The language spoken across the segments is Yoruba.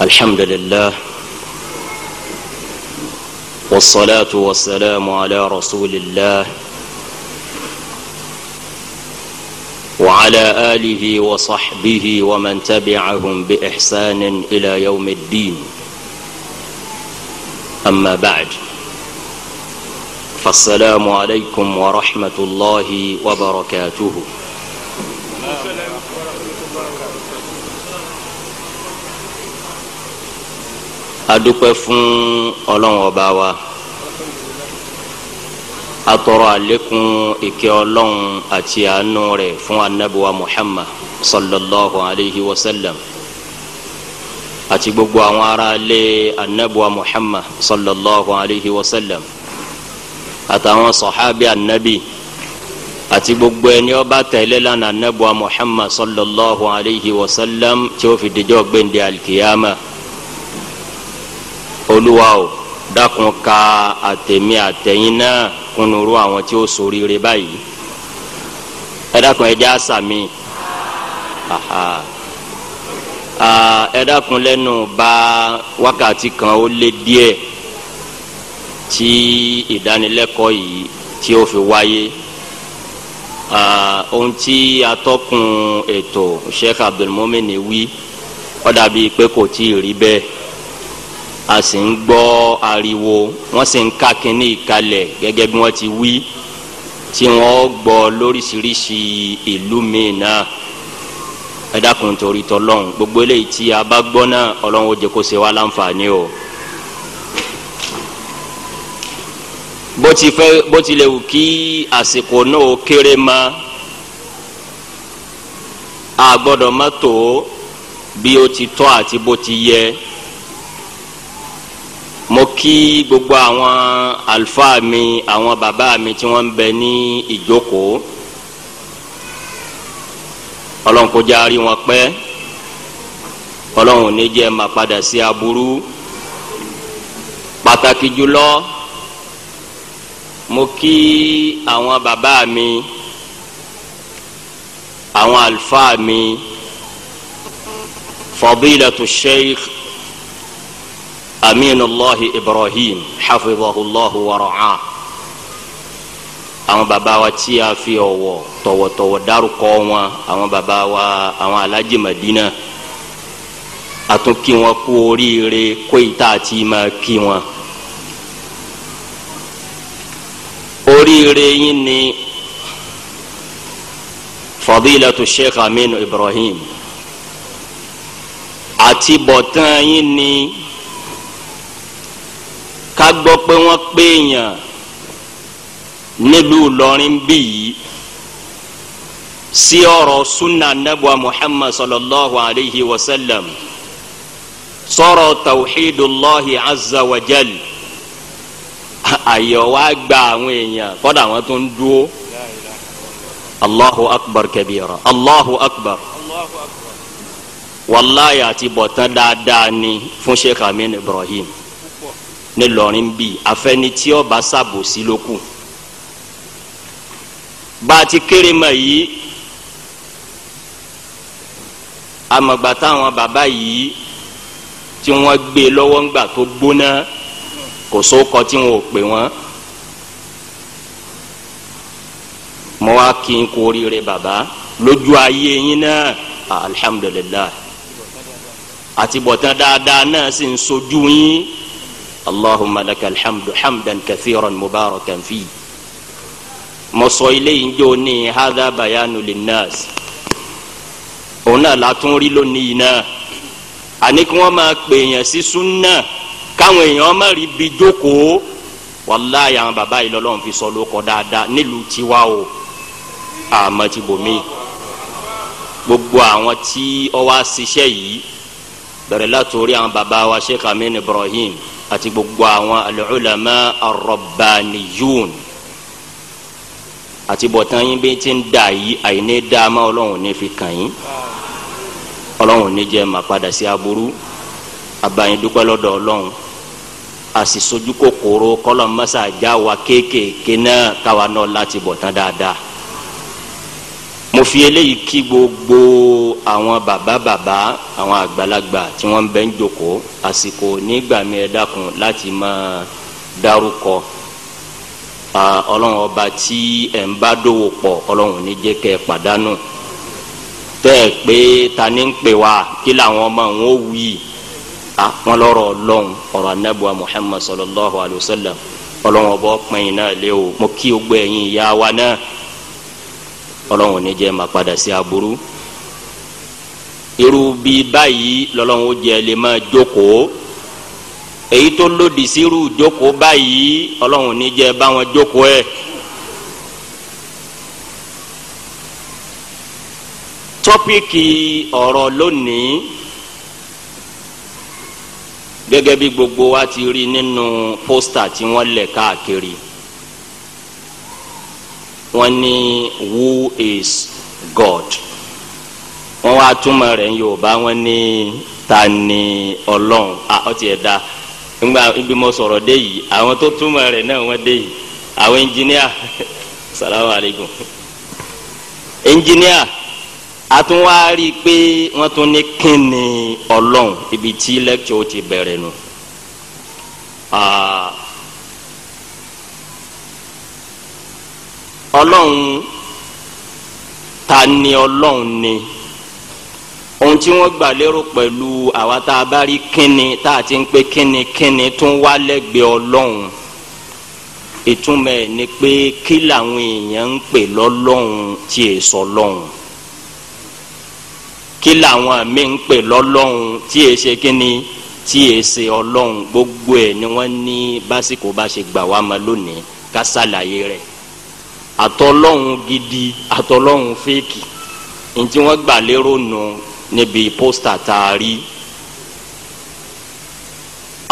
الحمد لله والصلاة والسلام على رسول الله وعلى آله وصحبه ومن تبعهم بإحسان إلى يوم الدين أما بعد فالسلام عليكم ورحمة الله وبركاته adúpẹ́ fún ọlọ́run ọba wa atọrọ àlékún ìkẹ́ ọlọ́run àti àánú rẹ̀ fún anabiwa muhammad sallallahu alayhi wa sallam àti gbogbo àwọn ará ilé anabiwa muhammad sallallahu alayhi wa sallam àtàwọn sọ̀hábì anabi àti gbogbo ẹni ó tẹ̀lé lánàá anabiwa muhammad sallallahu alayhi wa sallam tí ó fi dijọ́ gbẹ̀ndẹ̀ alikiyama olúwa o dákun ka àtẹ̀mí àtẹ̀yìn náà kúnnúrú àwọn tí ó ṣoríire báyìí ẹ dákun ẹ já sàmì ẹ dákun lẹ́nu bá wákàtí kan ó lé díẹ̀ tí ìdánilẹ́kọ̀ọ́ yìí tí ó fi wáyé ohun tí atọ́kùn ètò Sheikh Abdulmumin wí ó dà pé kò tí ì rí bẹ́ẹ̀ a sì ń gbọ́ ariwo wọ́n sì ń ká kínní ìkalẹ̀ gẹ́gẹ́ bí wọ́n ti wí tí wọ́n gbọ́ lóríṣiríṣi ìlú míì náà ẹ dákun torí tọlọ́hún gbogbo eléyìí tí a bá gbọ́ náà ọlọ́run ó jẹ́ kó ṣe wá láǹfààní o. bó ti fẹ́ bó ti lè wù kí àsìkò náà kéré ma a gbọ́dọ̀ má tó bí ó ti tọ́ àti bó ti yẹ mo kí gbogbo àwọn àlùfáà mi àwọn bàbá mi tí wọ́n ń bẹ ní ìjókòó ọlọ́run kó járí wọn pẹ́ ọlọ́run ò ní jẹ́ máa padà sí aburú pàtàkì jùlọ mo kí àwọn bàbá mi àwọn àlùfáà mi fadilatu sheikh. aminu allahi ibrahim hafizahu allahu wara'a àwọn baba wa tí a fi ọ̀wọ̀ tọ̀wọ̀tọ̀wọ̀ dárúkọ wọn àwọn baba wa àwọn alhaji madina àtún kí wọn kú oríire kó ìta àti máa kí wọn. oríire yín ni fadilatu sheikh aminu ibrahim àti bọ̀tán yín ni. ká gbọ́ pé wọ́n pé èèyàn nílùú Ìlọrin bí yìí sí ọ̀rọ̀ sunna nabuwa Muhammad sallallahu alayhi wa sallam sọ̀rọ̀ tawhidullahi azza wa jal àyọ̀ wá gba àwọn èèyàn kọ́dà àwọn tó ń dúró allahu akbar kabira allahu akbar wàláyà àti bọ̀tán dáadáa ni fún sheikh amin ibrahim ńìlọrin bíi afẹni tí ọba ṣàbòsí ló kù bá a ti kéré mọ yìí amọ̀gbà táwọn bàbá yìí tí wọ́n gbé e lọ́wọ́ ńgbà tó gbóná kò sóko tí wọn ò pè wọ́n mo wá kí n kú oríire bàbá lójú ayé yín náà alhamdulilayi àti bọ̀tán dáadáa náà sì ń sojú yín اللهم لك الحمد حمدا كثيرا مباركا فيه مصويلين جوني هذا بيان للناس هنا لا تنري لنينا أنك وما بين سنة káwọn èèyàn má rí bi jókòó wàláyé àwọn bàbá yìí lọ́lọ́run fi sọ ló kọ́ dáadáa nílùú tiwa o àmọ́ ti bòmí gbogbo àwọn tí ó wá ṣiṣẹ́ yìí bẹ̀rẹ̀ látòrí àwọn bàbá wa Sheikh Amin Ibrahim àti gbogbo àwọn al-ulama ar-rabbaniyun àti bọ̀tán yín bí ti ń dà yí àìní dáama ọlọ́run ní fi kàn yín ọlọ́run ní jẹ́ máa padà sí aburú abayin dúpẹ́ lọ́dọ̀ ọlọ́run àsìsojú kòkòrò kọ́lọ́ mọ́sá já wa kéékèèké náà káwa náà láti bọ̀tán dáadáa mo fi eléyìí kí gbogbo àwọn bàbá bàbá àwọn àgbàlagbà tí wọ́n bẹ ń jókòó àsìkò nígbà mi ẹ dákun láti máa dárúkọ ọlọ́run ọba tí ẹ̀ ń bá dòwò pọ̀ ọlọ́run ní jẹ́ kẹ́ ẹ pàdánù tẹ́ ẹ pé ta ni ń pè wá kí làwọn ọmọ òun ó wí àwọn lọ́rọ̀ ọlọ́run ọ̀rọ̀ anábùwà Muhammad sallallahu alayhi wa sallam ọlọ́run ọba ọpẹ́yìn náà lé o mo kí gbogbo ẹ̀yin ìyá wa náà ọlọ́run ní jẹ́ máa padà sí aburú irú bí báyìí lọ́lọ́run ó jẹ́ lè máa jókòó èyí tó lòdì sí irú jókòó báyìí ọlọ́run ní jẹ́ báwọn jókòó ẹ̀. tọ́píìkì ọ̀rọ̀ lónìí gẹ́gẹ́ bí gbogbo wa ti rí nínú pósítà tí wọ́n lẹ̀ káàkiri wọ́n ní who is God wọ́n wá túmọ̀ rẹ̀ ń Yorùbá wọ́n ní ta ni Ọlọ́run ọtí ẹ̀ da ngba ibi mo sọ̀rọ̀ dé yìí àwọn tó túmọ̀ rẹ̀ náà wọ́n dé yìí àwọn ẹnjìníà salamu aleykum ẹnjìníà àtúnwá pé wọ́n tún ní kíni Ọlọ́run ibi tí lẹ́kítọ̀ ti bẹ̀rẹ̀ nù. Uh, ọlọ́run ta ni ọlọ́run ni ohun tí wọ́n gbà lérò pẹ̀lú àwa tá a bá rí kínni tá a ti ń pè kínni kínni tún wá lẹ́gbẹ̀ẹ́ ọlọ́run ìtumọ̀ ẹ̀ ni pé kí làwọn èèyàn ń pè lọ́lọ́run tí è sọ lọ́run kí làwọn mi ń pè lọ́lọ́run tí è ṣe kínni tí è ṣe ọlọ́run gbogbo ẹ̀ ni wọ́n ní básìkò bá ṣe gbà wá mọ́ lónìí ká ṣàlàyé rẹ̀ àtọlọ́hún gidi àtọlọ́hún fẹ́ẹ̀kì ntí wọ́n gbà lérò nù níbi pósítà tààrí.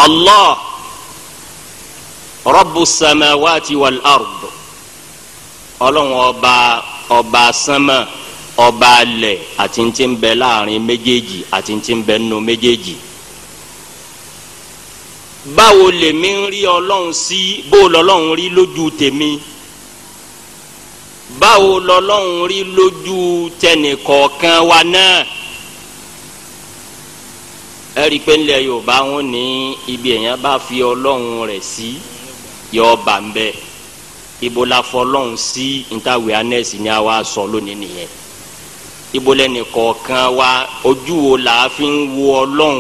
Allah rọ́bù samawati wal ard ọlọ́run ọba ọba sánmà ọba alẹ̀ àti ntí ń bẹ láàrin méjèèjì àti ntí ń bẹ nù méjèèjì báwo lèmi ń rí ọlọ́run sí bó lọ́lọ́run rí lójú tèmi báwo lọ́lọ́run rí lójú tẹnìkọ̀ọ̀kan wa náà ẹ rí i pé ńlẹ̀ yorùbá wọn ní ibi èèyàn bá fi ọlọ́run rẹ̀ sí yọ bà ń bẹ ibo la fọ ọlọ́run sí ntàwé anẹ́sì ni a wá sọ lónìí nìyẹn ibo lẹ́nìkọ̀ọ̀kan wa ojú wo la fi ń wo ọlọ́run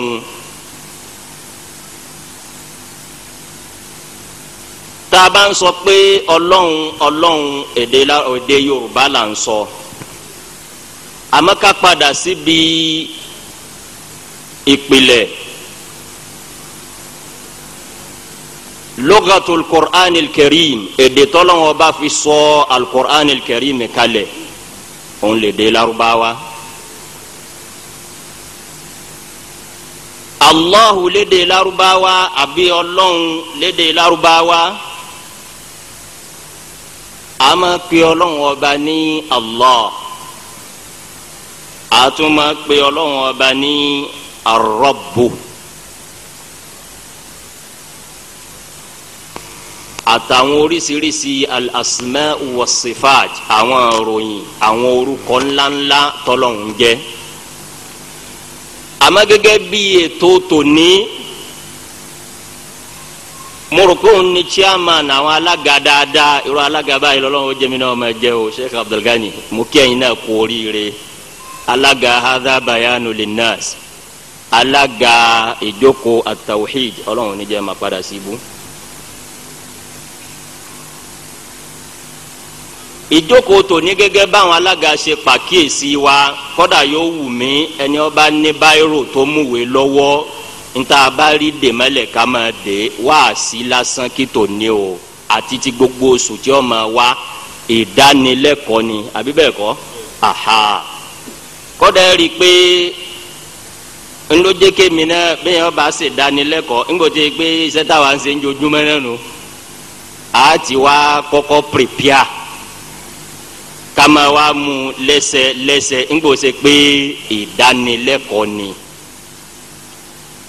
tá a bá ń sọ pé ọlọ́run ọlọ́run èdè èdè yorùbá là ń sọ àmọ́ ká padà síbi ìpìlẹ̀ lughatul qur'anil karim èdè tọ́lọ́wọ́n bá fi sọ al-qur'anil karim kalẹ̀ òun lè dé Lárúbáwá. Allahu lédè Lárúbáwá àbí ọlọ́run lédè Lárúbáwá a máa pe ọlọ́run ọba ní allah a tún máa pe ọlọ́run ọba ní arọ́bù àtàwọn oríṣiríṣi alasmẹ wasifaj àwọn ìròyìn àwọn orúkọ ńláńlá tọ́lọ́run jẹ́ àmọ́ gẹ́gẹ́ bí ètò tòní. mo rò ni chairman àwọn alága dáadáa irú alága báyìí lọ́lọ́run jẹ́mi ọmọ máa o Sheikh Abdulgani mo kí náà kú oríire alága hadha bayanu linnas alága ìjókòó atawhid ọlọ́run máa padà síbú. gẹ́gẹ́ báwọn alága ní nta bá rí dèmẹ́lẹ̀ ká máa dè wáàsí lásán kí tò ní o àti ti gbogbo oṣù tí ó máa ni àbí bẹ́ẹ̀ kọ́ aha kọ́dà rí i pé ńlọ́jẹ́kè mi náà bẹ́ẹ̀ ọba ṣe dánilẹ́kọ̀ọ́ ńgbọ́dọ̀ pé iṣẹ́ táwa ń ṣe ń jojúmọ́ náà nù á ti wá kọ́kọ́ pèpìà ká máa wá mú lẹ́sẹ̀ lẹ́sẹ̀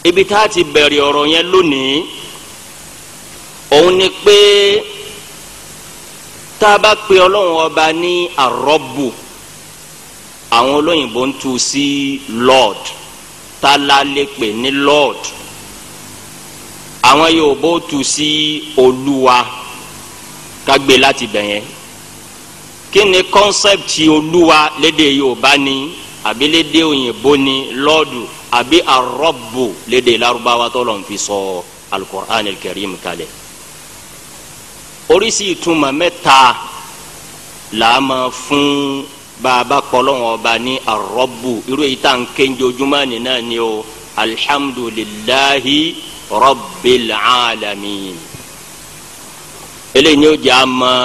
ibi tá a ti bẹ̀rẹ̀ ọ̀rọ̀ yẹn lónìí òun ni pé tá a bá pe ọlọ́run ọba ní àrọ́bù àwọn olóyìnbó ń tu sí lord tá a la pè ní lord àwọn Yorùbá tu sí olúwa ká gbé e láti bẹ̀ yẹn kí ni concept olúwa lédè Yorùbá ni àbí lédè òyìnbó ni lọ́ọ̀dù àbí arọ́bù léde Lárúbáwá tó lọ́n fi sọ alukur'an kẹrìm kalẹ̀ oríṣi ìtumọ̀ mẹ́ta là á máa fún bàbá kọlọ́wọ́n ọba ní arọ́bù irú èyí tá à ń ké njojúmọ́ ni o alihamudulilahi rọ́bìl alamin eléyìí ni ó jẹ́ àmọ́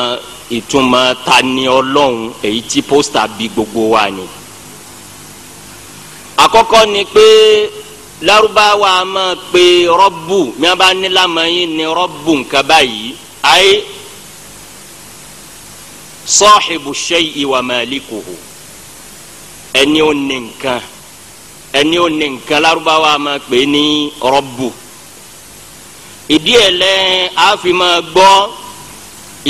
ìtumọ̀ ta ni ọlọ́run èyí tí pósítà bí gbogbo wa ni àkọ́kọ́ ni pé Lárúbáwá máa pe rọ́bù mi a bá ní lamẹ́yìn ni rọ́bù nǹkan báyìí ayé sọ́ọ̀hìbù ṣẹ́yì wà màlíkùhù ẹni ò ní nǹkan ẹni ò ní nǹkan Lárúbáwá máa pe ìdí ẹ̀ lẹ́ àfi máa gbọ́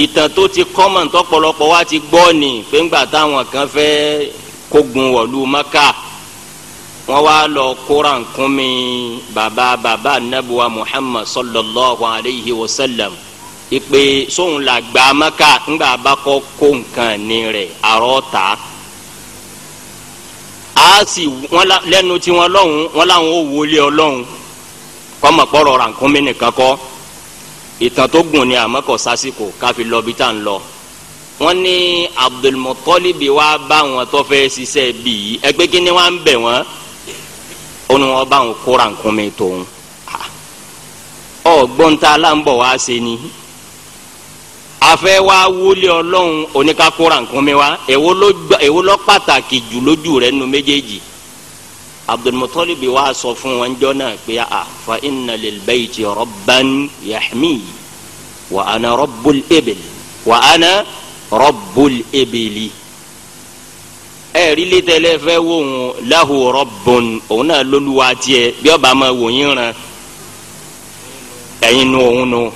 ìtàn tó ti kọ́mọ̀ ntọ́pọ̀lọpọ̀ wa ti gbọ́ ni fẹ́ngbà táwọn kan fẹ́ kógun wọ̀lú Maka. wọn wá lọ kóra nkúmi baba baba anabuwa muhammad sallallahu alayhi wa sallam ìpè sóhun la gba maka ńgbà bá kọ kó nǹkan ní a sì wọn lẹnu tí wọn lọhùn wọn làwọn ò wọlé ọlọhùn kọmọ kpọrọ ra nkúmi nìkan kọ ìtàn tó gùn ni àmọkọ sásìkò káfi lọ tá à lọ wọn ní wa bá wọn bíi kí ó ní wọn bá òun kóra nǹkan mi tòun ọgbọ́n tá a láǹbọ̀ wá ṣe ni afẹ́ wa wúlé ọlọ́run oníkakóra nǹkan mi wá èwo lọ pàtàkì jù lójú rẹ̀ nu méjèèjì abdulmutalibi wa sọ fún wọn jọ náà pé a fa inna lil bayti rabban yahmi wa ana rabbul ibil wa ana rabbul ibili ẹ rí létẹlẹ fẹ wò wọn lahu rabbun òun náà lóluwa tiẹ bí ọba ma wò yín ràn ẹyin nu òun nu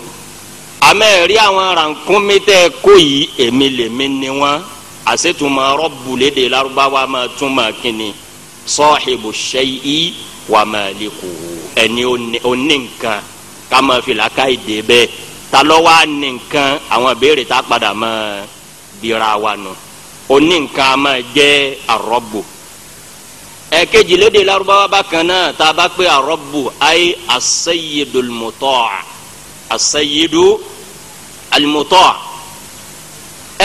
amẹ rí àwọn rànkúnmí tẹ kó yìí èmi lèmi ni wọn àṣetuma rọbù lédè Lárúbáwá ma túmọ̀ kínní sahibu shay'i wa maliku ẹni oní nǹkan ká ma fi làákàyè dé bẹ́ẹ̀ ta ló wà nǹkan àwọn béèrè tá a padà ma bira wa nù. No oní nǹkan a máa jẹ́ arọ́bù ẹ̀kejì lédè Lárúbáwá bákan náà tá a bá pé arọ́bù ayé asayidul mutaa asayidu alimutaa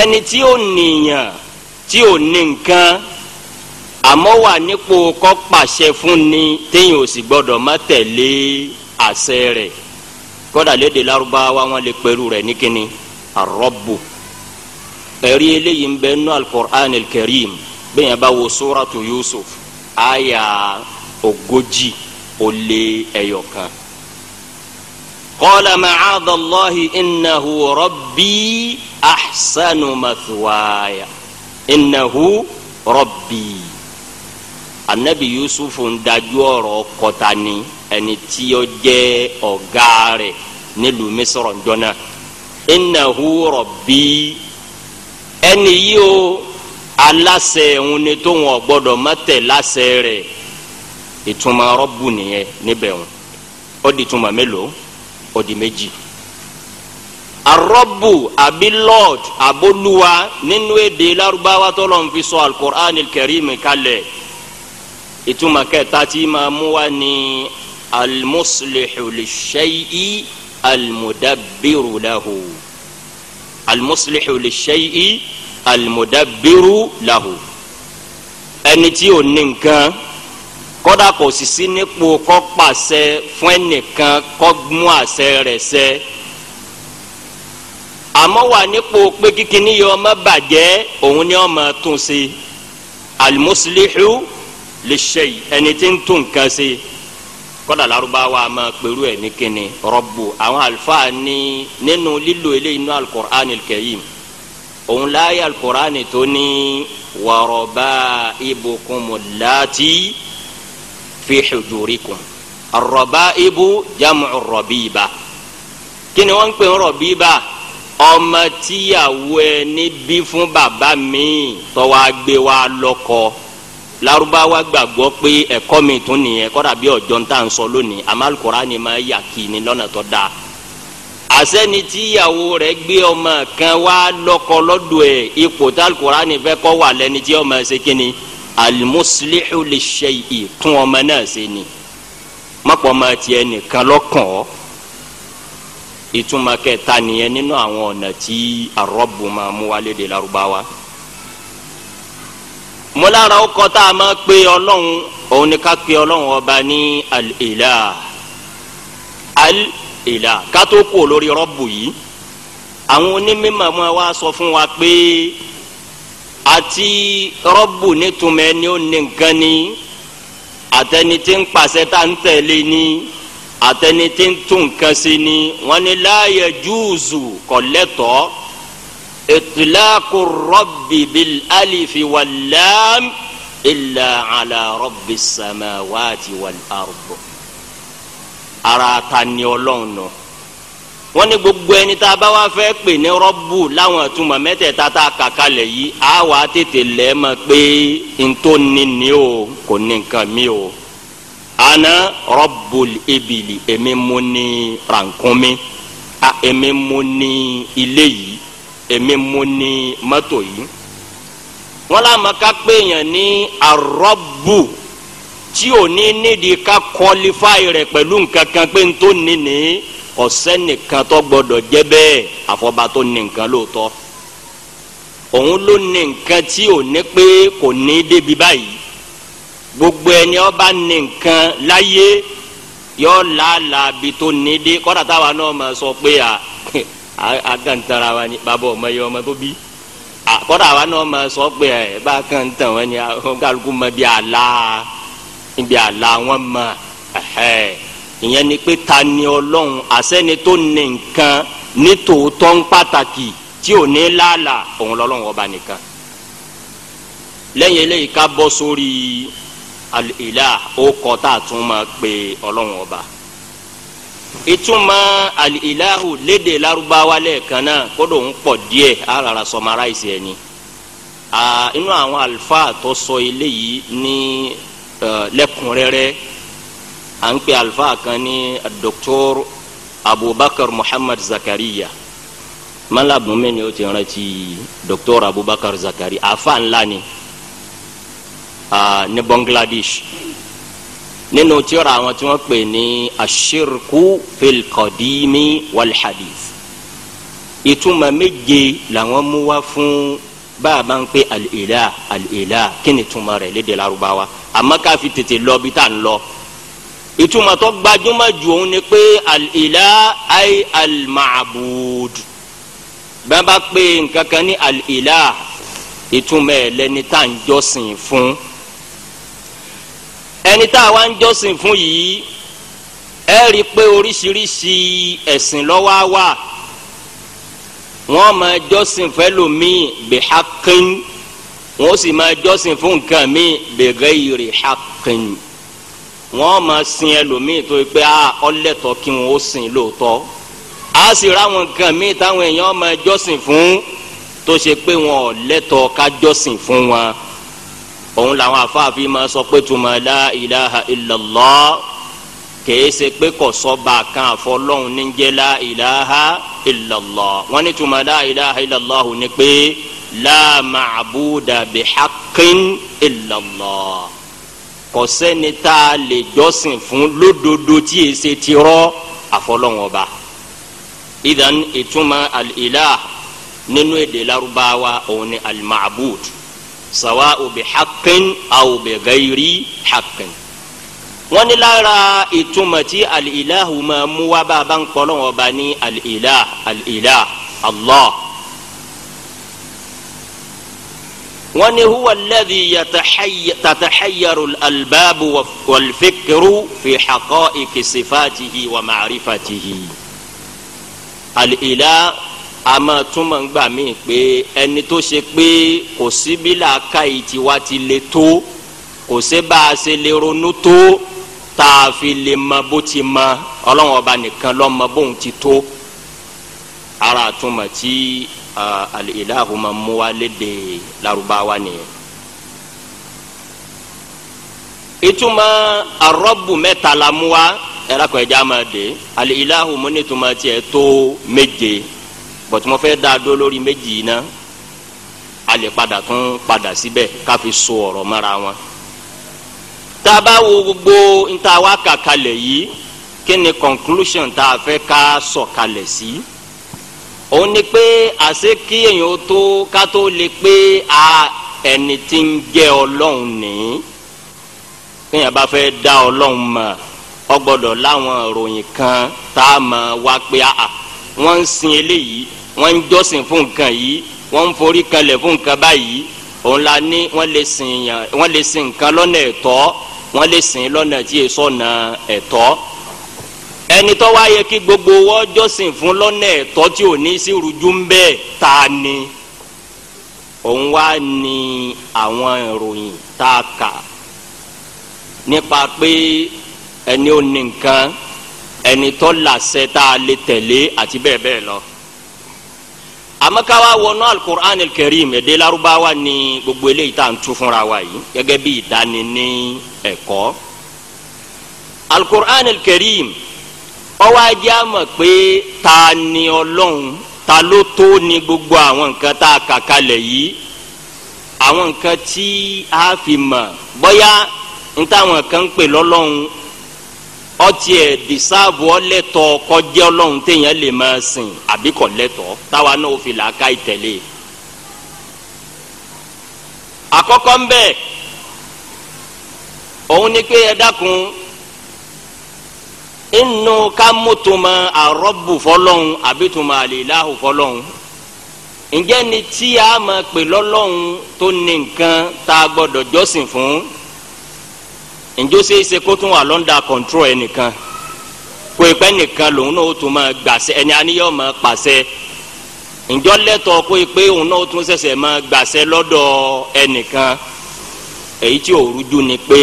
ẹni tí ó nìyàn tí ó ní nǹkan àmọ́ wà nípò kó pàṣẹ fún ni téèyàn ò sì má tẹ̀lé àṣẹ rẹ̀ kódà wọn lè pẹ̀lú rẹ̀ ní kíni ẹ̀rí eléyìí ń bẹ nú alukur'an karim bẹ́ẹ̀ yẹn bá wo suratu yusuf aya ogójì ó lé ẹyọ kan. قال معاذ الله إنه ربي أحسن مثواي إنه ربي النبي يوسف دجور قطاني ẹni tí ó jẹ́ ọ̀gá rẹ̀ nílùú Mísírì jọ́nà إنه ربي ẹni yìí o aláṣẹ òun ni tó wọn gbọ́dọ̀ mọtẹ láṣẹ rẹ ìtumọ̀ rọbù nìyẹn níbẹ̀ wọn ó di ìtumọ̀ mélòó ó di méjì arọbù àbí lord aboluwa nínú èdè Lárúbáwá tó lọ́n fi sọ alukur'an kẹrìm kalẹ̀ ìtumọ̀ kẹta tí máa mú wa ní almuslihu lishayi almudabbiru Al alimusilihu le seyi alimudabiru lahu ẹni tí ó ní nǹkan kódà kò sì sí nípò kó pàṣẹ fún ẹnìkan kó mú àṣẹ rẹ̀ ṣẹ àmọ́ wà nípò pé kíkiní yìí ọmọ bàjẹ́ òun ni ọmọ tún ṣe alimusilihu le ẹni tí ń tún nǹkan ṣe kọ́dà Lárúbáwá máa pẹ̀lú ẹ̀ ní kíni rọ́bù àwọn àlùfáà ní nínú lílo eléyìí nínú alukur'an kẹ́yìm òun láyé alukur'an tó ní wàrọ̀bá ibukumulati fi hujurikum arọ̀bá ibu jamu rọ̀bíba kíni wọ́n ń pè ń rọ̀bíba ọmọ tíyàwó ẹ níbí fún bàbá mi tó wá wa lọ́kọ. Larubawa gbàgbọ́ pé ẹ̀kọ́ mi tún nìyẹn kọ́dà bí ọ̀jọ́ ń tà ń sọ lónìí àmọ́ Al-Kùránì máa yà kì í ní lọ́nà tó dáa àsẹ́ni tí ìyàwó rẹ̀ gbé ọmọ kan wá lọ́kọ lọ́dọ̀ ẹ̀ ipò tí Al-Kùránì fẹ́ kọ́ wà lẹ́ni tí ọmọ ṣe kínni al-muslihu lish-shay'i tún ọmọ náà ṣe ni mọ̀pọ̀ ọmọ tiẹ̀ nìkan lọ́kàn ọ́ ìtumọ̀ kẹta nìyẹn nínú àwọn ọ̀nà tí ar máa mú wálé de larubawa mọlára ọkọ tá a máa pe ọlọ́run òun ni ká pe ọlọ́run ọba ní àlèlà àlèlà ká tó kú olórí rọ́bù yìí àwọn onímọ̀ máa wá sọ fún wa pé àti rọ́bù nítumẹ̀ ni ó ní nǹkan ni àtẹni tí ń pàṣẹ tá ń tẹ̀lé ni àtẹni tí ń tún nǹkan sí ni wọ́n ní láàyè júùsù kọ̀lẹ́tọ̀ọ́ ìtìláàkù rọ́bì bíi alifi wàlám ilà àlà rọ́bì sàmà wàtí wàlárùbọ̀. ara ta ni ọlọ́run nù. wọ́n ní gbogbo ẹni tá a bá wá fẹ́ pè ní rọ́bù láwọn ìtumọ̀ mẹ́tẹ̀ẹ̀ta tá a kà kalẹ̀ yìí á wà á tètè lẹ́ mọ̀ pé ntó ni ni o kò ní nǹkan mi o. ana rọ́bùl ebìlì èmi mú ní rànkúnmi èmi mú ní ilé yìí èmi mo ní mọ́tò yìí wọn là máa ká pé yẹn ní arọ́bù tí ò ní nídìí ká kọlifáì rẹ̀ pẹ̀lú nǹkan kan pé n tó ní ní ọ̀sẹ́ nìkan tó gbọdọ̀ jẹ́ bẹ́ẹ̀ àfọba tó ní nǹkan lóòótọ́ òun ló ní nǹkan tí ò ní pé kò ní débi báyìí gbogbo ẹni ọba ní nǹkan láyé yọ làálàá bi tó ní dé kọ́dà táwa náà máa sọ pé à agantara wa ni bàbá ọmọ yẹ ọmọ ah, tó bí àkọ́dà wa náà ma sọ pé ẹ bá kàn tàn wọn ni kálukú ma bí àlá ibi àlá wọn ma ìyẹn ni pé ta ni ọlọ́run àsẹ́ni tó ní nǹkan ní tòótọ́ ń pàtàkì tí ò ní làálà òun lọ́lọ́run ọba nìkan lẹ́yìn eléyìí ká bọ́ sórí alìlá ó kọ́ tá a tún máa pe ọlọ́run ọba ìtumọ̀ alìláhu léde Lárúbáwá lẹ́ẹ̀kan náà kódò ń pọ̀ díẹ̀ alára sọmara ìsì ẹ̀ ni inú àwọn alifa tó sọ eléyìí ní lẹ́kùnrẹ́rẹ́ à ń pè alifa kan ní Dr. Abubakar Muhammad Zakariya malabu ni o ti rántí Dr. Abubakar Zakari afa ńlá ni ní Bangladesh nínú tíra àwọn tí wọ́n pè ní ashirku filkadimi walhadith ìtumọ̀ méje làwọn mú wá fún bá a bá ń pè alìlá alìlá kí ni ìtumọ̀ rẹ̀ lédè Lárúbáwá àmọ́ ká fi tètè lọ bí tá à ń lọ ìtumọ̀ tó ni pé alìlá ay almaabud bá a bá pè nǹkan kan ní alìlá ìtumọ̀ ẹ̀ lẹni tá à ń ẹni tá a wá ń jọ́sìn fún yìí ẹ rí i pé oríṣiríṣi ẹ̀sìn lọ́wọ́ á wà wọ́n máa jọ́sìn fẹ́lòmíì bihaqqin wọ́n sì máa jọ́sìn fún nǹkan míì bighayri haqqin wọ́n máa sin ẹlòmíì tó pé a ah, ọlẹ́tọ̀ kí wọ́n sìn lóòótọ́ a sì ráwọn nǹkan míì táwọn èèyàn máa jọ́sìn fún tó ṣe pé wọn ò lẹ́tọ̀ọ́ ká jọ́sìn fún wọn òun làwọn afáàfin máa sọ pé tuma la ilaha illallah kèé ṣe pé kò sọba kan àfọlọ́hún ní jẹ́ la ilaha illallah wọ́n ní tuma la ilaha illallah ni pé la ma'buda bihaqqin illallah kò sẹ́ni tá a lè jọ́sìn fún lódodo tí e ṣe ti rọ́ àfọlọ́hún ọba idan ìtumọ̀ al-ilah nínú èdè Lárúbáwá òun al mabud sawa'u bi haqqin aw bi ghairi haqqin wọ́n ní lára ìtumọ̀ tí alìláhu máa mú wá bá a bá ń pọ̀ lọ́wọ́ ọba ní alìlá alìlá allah. wọ́n ní huwa alladhi tataḥayyaru albaabu walfikiru fi xaqọ́ ikisifatihi wa macrifatihi alìlá. a máa túmọ̀ ń gbà mí pé ẹni tó ṣe pé kò sí bí làákàyè tiwa ti le tó kò sí bá a ṣe lè ronú tó tá a fi lè mọ bó ti mọ ọlọ́run ọba nìkan ló bóun ti tó ara àtúmọ̀ tí alìláhu máa mú wa léde Lárúbáwá nìyẹn. ìtumọ̀ arọ́bù mẹ́ta la mú wa ẹ̀rọ kan ẹ̀já máa dé alìláhu mú nítumọ̀ tiẹ̀ tó méje bọ̀tí mo fẹ́ dá a dó lórí méjì yìí náà a lè padà tún padà síbẹ̀ ká fi so ọ̀rọ̀ mọ́ra wọn. tá a bá wo gbogbo níta wá kàkalẹ̀ yìí kí ni conclusion tá a fẹ́ ká sọ̀kalẹ̀ sí òun ni pé àṣé kí èèyàn tó ká tó lè pé a ẹni tí ń jẹ́ ọlọ́run nìyí kéèyàn bá fẹ́ dá ọlọ́run mọ̀ ọ láwọn ìròyìn kan tá a mọ̀ wá pé a wọ́n ń sin eléyìí wọ́n ń jọ́sìn fún nǹkan yìí wọ́n ń forí kalẹ̀ fún nǹkan báyìí òun la ní wọ́n lè sìn yàn wọ́n lè sìn nǹkan lọ́nà ẹ̀tọ́ wọ́n lè sìn lọ́nà tí yẹ sọ́nà ẹ̀tọ́ ẹni tó yẹ kí gbogbo wọ́n jọ́sìn fún lọ́nà ẹ̀tọ́ tí ò ní sí rújú ń bẹ́ẹ̀ ta ni òun wá ní àwọn ìròyìn tá a kà nípa pé ẹni ò ní nǹkan ẹni làṣẹ tá a lè tẹ̀lé àti bẹ́ẹ̀ bẹ́ẹ̀ lọ amakawa wọnú alukur'an kẹrìm èdè Lárúbáwá ni gbogbo eléyìí tá à ń tu fúnra wa yìí gẹ́gẹ́ bí ìdáni ní ẹ̀kọ́ alukur'an kẹrìm ó wá jẹ́ a mọ̀ pé ta ni ni gbogbo àwọn nǹkan tá a kà kalẹ̀ yìí àwọn nǹkan tí a fi mọ̀ kan ń pè ọtí ẹ dìsáàbù ọlẹtọ kọjá Ọlọ́run téèyàn lè máa sìn àbí kò lẹ́tọ̀ táwa náà fi làákà ìtẹlẹ e. àkọ́kọ́ ń bẹ òun ni pé ẹ dákun inú ká mọtòmọ àrọbù fọ́lọ́run àbí tòmọ àlèláhù ǹjẹ́ ni tí a máa pè lọ́lọ́run tó ní nǹkan tá a gbọ́dọ̀ jọ́sìn fún un ǹjọ́ ṣe é ṣe kó tún wà lọ́ndà control ẹnìkan kó ipẹ́ nìkan lòun náà ó tún máa gbàṣẹ ẹni àníyàn máa pàṣẹ ǹjọ́ lẹ́tọ̀ kó ipẹ́ òun náà ó tún ṣẹ̀ṣẹ̀ máa gbàṣẹ lọ́dọ̀ ẹnìkan èyí tí ò rújú ni pé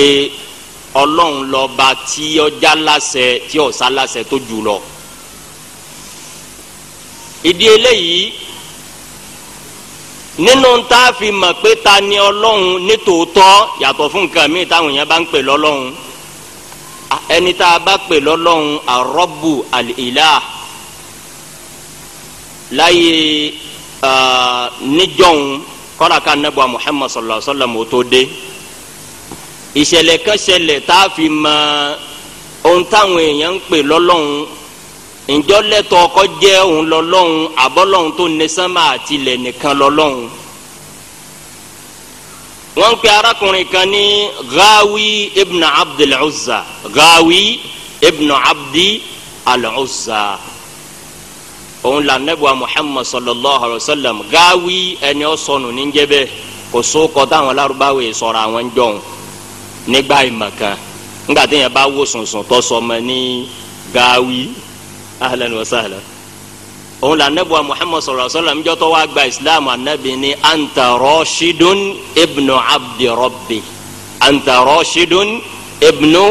ọlọ́run lọ́ba tí ọjà láṣẹ tí ọ̀sá láṣẹ tó jù lọ. ìdí eléyìí nínú tá fi mọ̀ pé ta ni ọlọ́run nítòótọ́ yàtọ̀ fún nǹkan míì táwọn èèyàn bá ń pè lọ́lọ́run ẹni tá a bá pè lọ́lọ́run arọ́bù àlìlá láyé níjọ́hun kọ́ra ká nẹ́bọ̀ Muhammad sallallahu alaihi wasallam ó tó dé ìṣẹ̀lẹ̀ kan ṣẹlẹ̀ tá a fi mọ̀ ohun táwọn èèyàn ń pè lọ́lọ́run ǹjọ́ lẹ́tọ̀ ọkọ jẹ́ òun lọ́lọ́hun àbọ́lọ́hun tó ní sánmà àtìlẹ̀ nìkan lọ́lọ́hun. wọ́n ń pe arákùnrin kan ní ghawi ibn uzza ghawi Ibna abdi al uzza òun là muhammad sallallahu alayhi wa sallam ghawi sọnù ní jẹ́bẹ̀ kò sókọ táwọn àwọn nígbà kan nígbà bá ní ahlan wa sahlan òun la nebuwa muhammad sallallahu alaihi wa sallam jọtọ wa gba islam anabi ni anta rashidun ibnu abdi rabbi anta rashidun ibnu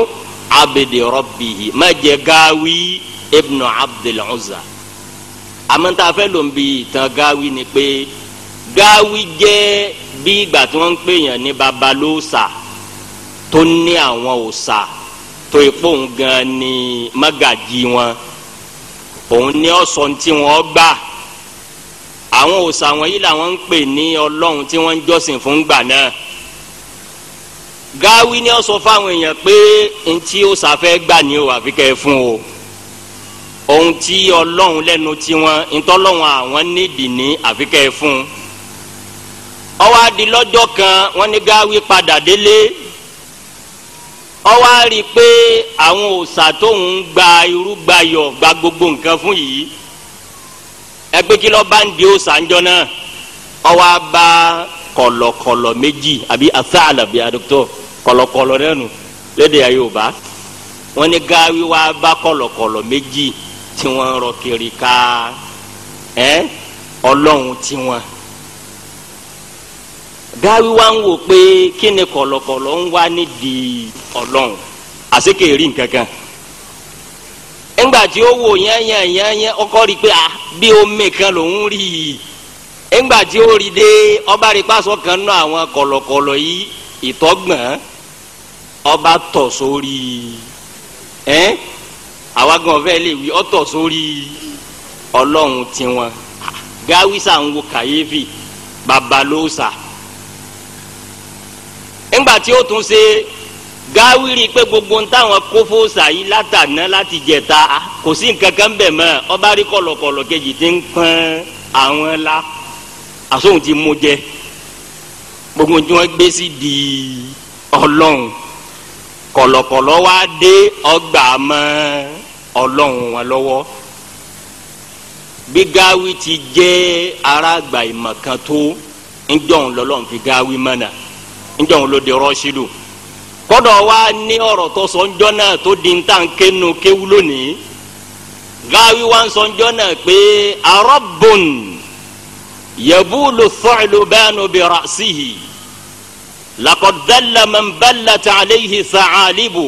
abdi rabbihi má jẹ́ gawi ibnu abdil uzza amantafẹ ló ń bi tán gawi ni pé gawi jẹ́ bí ìgbà tí wọ́n ń pè yàn ní babalóòṣà tó ní àwọn òòṣà tó ipò ń gan ni magaji wọn òun ní ọ̀sọ̀ tí wọ́n gbà àwọn òòsà wọ̀nyí làwọn ń pè ní ọlọ́run tí wọ́n ń jọ́sìn fún gbà náà gáwí ní ọ̀sọ̀ fáwọn èèyàn pé ntí òòsà fẹ́ gbà ní o àfi fún o ohun tí ọlọ́run lẹ́nu tiwọn ntọ́lọ́run àwọn nídìí ní àfi kẹ́ ẹ fún ọwọ́ lọ́jọ́ kan wọ́n ní gáwí padà délé ọwọ́ á rí i pé àwọn òòsà tóun gba irú gbayọ̀ gba gbogbo nǹkan fún yìí ẹgbẹ́ kí lọ́ọ́ bá ń di òòsà ńjọ náà ọwọ́ á bá kọ̀lọ̀kọ̀lọ̀ méjì àbí asa àlàbí àdókòtò kọ̀lọ̀kọ̀lọ̀ náà lédè Yorùbá wọ́n ní gáwí wá bá kọ̀lọ̀kọ̀lọ̀ méjì tí wọ́n rọ kiri ká ẹ́ ọlọ́run tí wọ́n gáwí wa ń wò pé kí ni kọ̀lọ̀kọ̀lọ̀ ń wá nídìí ọlọ́run àṣekè rí nkankan ńgbà tí ó wò yẹn yẹn yẹn yẹn ọkọ rí pé ah bí omi kan lòún rí i ńgbà tí ó rí dé ọba rí pàṣọ kan náà àwọn kọ̀lọ̀kọ̀lọ̀ yìí ìtọ́gbọ̀n ọba tọ̀ sórí ẹ́ àwa gan fẹ́ lè wí ọtọ̀ sórí ọlọ́run tiwọn gáwí sàn ń wo kàyéfì babalóòsà ńgbà tí ó tún ṣe gáwírì pé gbogbo táwọn kófóòsà yìí látàná láti jẹta kò sí nǹkan kan bẹ̀ mọ́ ọba kọlọkọlọ kejì tí ń pọ́n àwọn la àsóhun ti mú jẹ gbogbo tí wọ́n gbé sí di ọlọ́run kọlọkọlọ wá dé ọgbà mọ́ ọlọ́run wọn lọ́wọ́ bí gáwí ti jẹ́ arágbà ìmọ̀ kan tó ń jọ̀hún lọ́lọ́run fi gáwí mọ́nà njọ́ wọn ló di rọ́ṣídù kọ́dọ̀ wa ní ọ̀rọ̀ tó sọ njọ́ náà tó di ń tàn kéwù kéwù lónìí gáwí wa ń sọ njọ́ náà pé arọ́bùn yabulu fọ́ọ̀lù bẹ́ẹ̀nu bi rasihi lakọ̀dẹ́lẹ̀ mẹ́nbẹ́lẹ̀ alayhi sàcàlíbù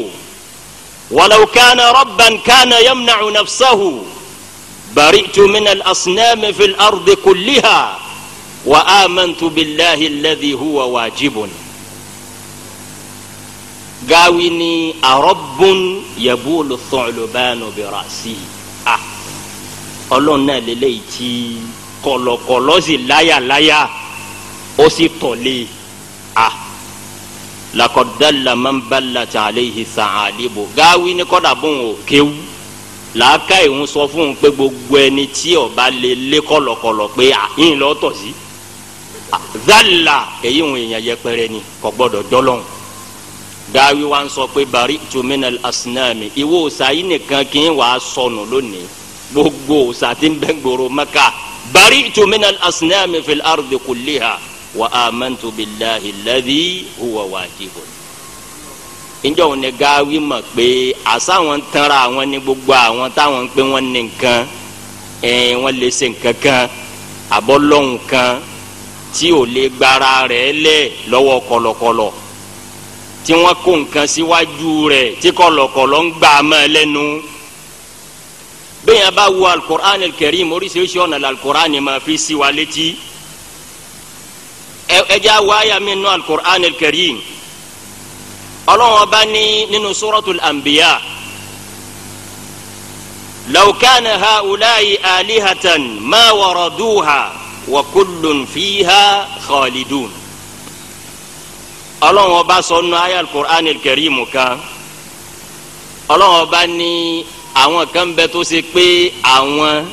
wàlẹ́wò kánà rọ́bàn kánà yamnacu nafsahu bari'tu minal asnami fil ardi kulliha wa amantu billahi alladhi huwa waajibun gawi ni arabun yabulu thulubanu birasi a ọlọ́run náà lélẹ́yìí tí kọ̀lọ̀kọ̀lọ̀ sì láyàláyà ó sì tọ̀lé a e. lakọ̀dálà máa ń bala tí aleyhi sàn àdìbò gawi ni kọ́dà bóun ò kéwu làákà ìhun sọ fún un pé gbogbo ẹni tí ọba lè lé kọ̀lọ̀kọ̀lọ̀ pé àyìn lọ́tọ̀ sí zálà èyí ń èèyàn yẹpẹrẹ ni kò gbọ́dọ̀ dáwí wa ń sọ pé bari tuminal asinami ìwọ òòṣà yìí nìkan kì í wàá sọnù lónìí gbogbo òòṣà tí ń bẹ gbòòrò maka bari tuminal asinami fil ardi kulliha wa amantu billahi ladhi huwa wajibu. ìjọ òun ni gáwí mọ̀ pé àṣà wọn tanra àwọn ní gbogbo àwọn táwọn ń pè wọ́n ní nǹkan ẹ̀ lè ṣe nǹkan kan àbọ̀ tí ò lè gbára rẹ̀ lẹ̀ lọ́wọ́ kọlọkọlọ tí wọ́n kó nǹkan síwájú rẹ̀ tí kọ̀lọ̀kọ̀lọ̀ ń gbà mọ́ ẹ lẹ́nu bẹ́ẹ̀ yẹn bá wo alukur'an kẹrim oríṣiríṣi ọ̀nà alukur'an máa fi sí wa létí ẹja wo àyà mi nù alukur'an kẹrim ọlọ́wọ́n bá ní nínú suratul anbiya law kana haulayi alihatan ma waraduha wa kullun fiha khalidun ọlọ́run ọba sọnù ayé alukur'an kẹrìmù kan ọlọ́run ọba ní àwọn kan bẹ tó ṣe pé àwọn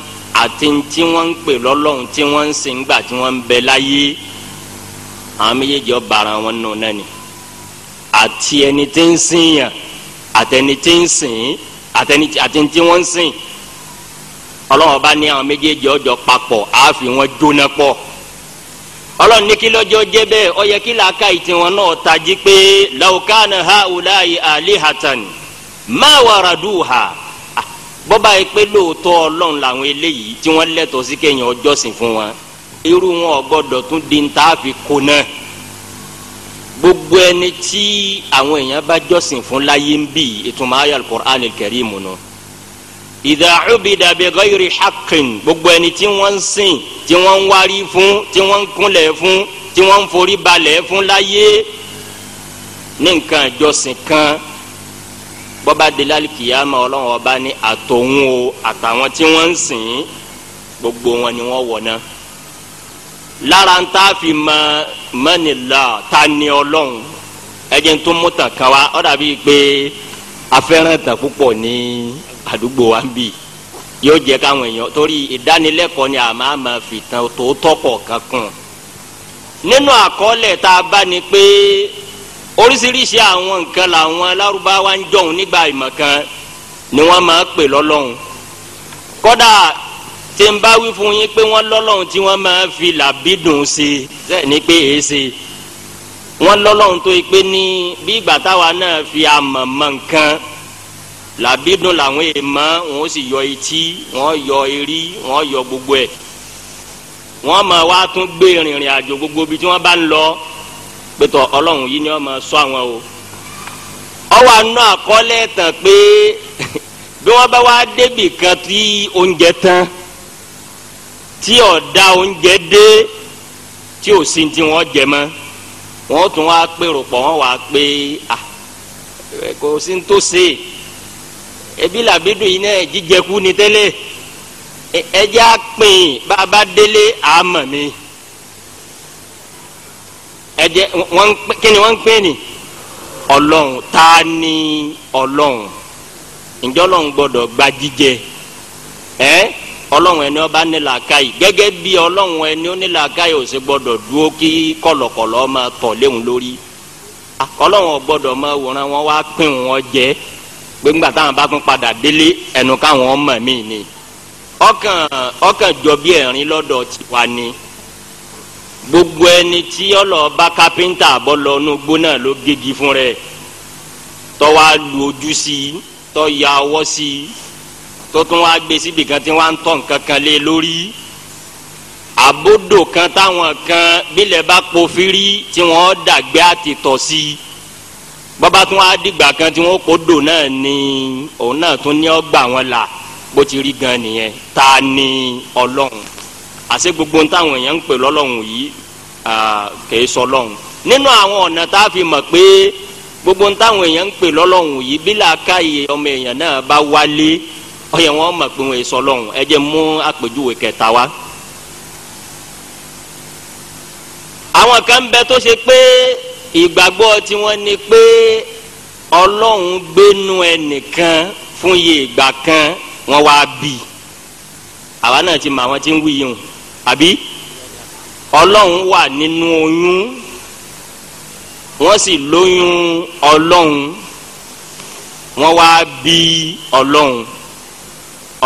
àti tí wọ́n ń pè lọ́lọ́run tí wọ́n ń sìn gbà tí wọ́n ń bẹ láyé àwọn méjèèjì ọba ara wọn nù náà ni àti ẹni tí ń sìn yàn àtẹni tí ń sìn àtẹni àti tí wọ́n ń sìn ọlọ́run ọba ní àwọn méjèèjì ọjọ́ papọ̀ àá wọn jóná pọ̀ ọlọ́run ní kí lọ́jọ́ jẹ́ bẹ́ẹ̀ ọ yẹ kí làákà ìtiwọn náà tají pé làwùkánà ha ùláyì àlìhàtàn má wàràdù ha bọ́ba yìí pé lóòótọ́ ọlọ́run làwọn eléyìí tí wọ́n lẹ́tọ̀ọ́ sí kéèyàn ọjọ́sìn fún wọn irú wọn ò gbọ́dọ̀ tún di ń tààfi kó náà gbogbo ẹni tí àwọn èèyàn bá jọ́sìn fún láyé ń bì ìtumọ̀ ayé al-Qur'an al náà idha ubida bi ghayri haqqin gbogbo ẹni tí wọ́n ń sìn tí wọ́n ń wárí fún tí wọ́n ń kúnlẹ̀ fún tí wọ́n ń forí balẹ̀ fún láyé ní nǹkan ìjọsìn kan bọ́ba delali kìyàmà ọlọ́run ọba ní àtòun o àtàwọn tí wọ́n ń sìn gbogbo wọn ni wọ́n wọ̀ náà lára ń tá a fi mọ mọ́nìlá ta ni ọlọ́run ẹ̀jẹ̀ tó mú tàn kan wa ó dàbí pé afẹ́ràn tàn púpọ̀ ní. Ni àdúgbò wa ń bì yóò jẹ́ káwọn èèyàn torí ìdánilẹ́kọ̀ọ́ ni àmọ́ àmọ́ fìtàn tó tọ́pọ̀ kankan nínú àkọọ́lẹ̀ tá a bá ní pé oríṣiríṣi àwọn nǹkan làwọn alárúbáwá ń jọ̀hún nígbà ìmọ̀ kan ni wọ́n máa pè lọ́lọ́hun kódà tí n bá wí fún yín pé wọ́n lọ́lọ́hun tí wọ́n máa fi làbídùn ṣe bẹ́ẹ̀ ni pé èé ṣe wọ́n lọ́lọ́hun tó yẹ pé ní bí ìgbà táwa náà fi àmọ̀ nǹkan làbídùn làwọn èèmọ̀ wọn sì yọ etí wọn yọ eré wọn yọ gbogbo ẹ̀ wọn máa wá tún gbé rìnrìn àjò gbogbo bí tí wọn bá ń lọ pẹtọ Ọlọ́run yìí ni wọn máa sọ àwọn o ọwọ àná àkọọlẹ tàn pé bí wọn bá wá débì kan tí oúnjẹ tán tí ọ̀dà oúnjẹ dé tí ò sí tí wọ́n jẹ mọ́ wọ́n tún wá pèrò pọ̀ wọ́n wá pé kò sí tó ṣe é. ebi làbídù yìí náà jíjẹkú ni tẹ́lẹ̀ e, ẹjẹ́ àpín bàbá délé àmọ̀ mi ẹjẹ́ wọ́n kí ni ta ni ọlọ́run ǹjẹ́ ọlọ́run gbọ́dọ̀ gba jíjẹ ẹ́ ẹni ọba nílà káyì gẹ́gẹ́ bí ọlọ́run ẹni ó nílà káyì o si gbọ́dọ̀ dúró kɔlɔkɔlɔ ma máa wọn pé ńgbà táwọn bá tún padà délé ẹnu káwọn ọmọ mi ni ọkàn ọkàn jọ bí ẹ̀rín lọ́dọ̀ tiwa ni gbogbo ẹni tí ọlọ́ọ̀bá kápẹ́ńtà bọ́ lọ nugbó náà ló gégi fún rẹ̀ tọ́wá lu ojú sí i tọ́ ya ọwọ́ sí i tó tún wá gbé síbi kan tí wọ́n á ń tọ̀ nǹkan kan lé lórí àbódò kan táwọn kan bílẹ̀ bá pofiri tí wọ́n dàgbé àtìtọ̀ sí i bàbá tún á dìgbà kan tí wọ́n kó dò náà ni òun náà tún ní ọgbà wọn là bó ti rí gan nìyẹn ta ni ọlọ́run àṣẹ gbogbo ń táwọn èèyàn ń pè lọ́lọ́run yìí kì í sọ ọlọ́run nínú àwọn ọ̀nà tá a fi mọ̀ pé gbogbo ń táwọn èèyàn ń pè lọ́lọ́run yìí bí làákàyè ọmọ èèyàn náà bá wálé ọyẹ wọn mọ̀ pé wọn èso ọlọ́run ẹ jẹ́ mú àpèjúwe kẹta wá. àwọn kan bẹ tó ṣe pé ìgbàgbọ́ tí wọ́n ní pé ọlọ́run gbénu ẹnìkan fún iye ìgbà kan wọ́n wá bí àwa náà ti mọ àwọn tí ń wí yìí hùn àbí ọlọ́run wà nínú oyún wọ́n sì lóyún ọlọ́run wọ́n wá bí ọlọ́run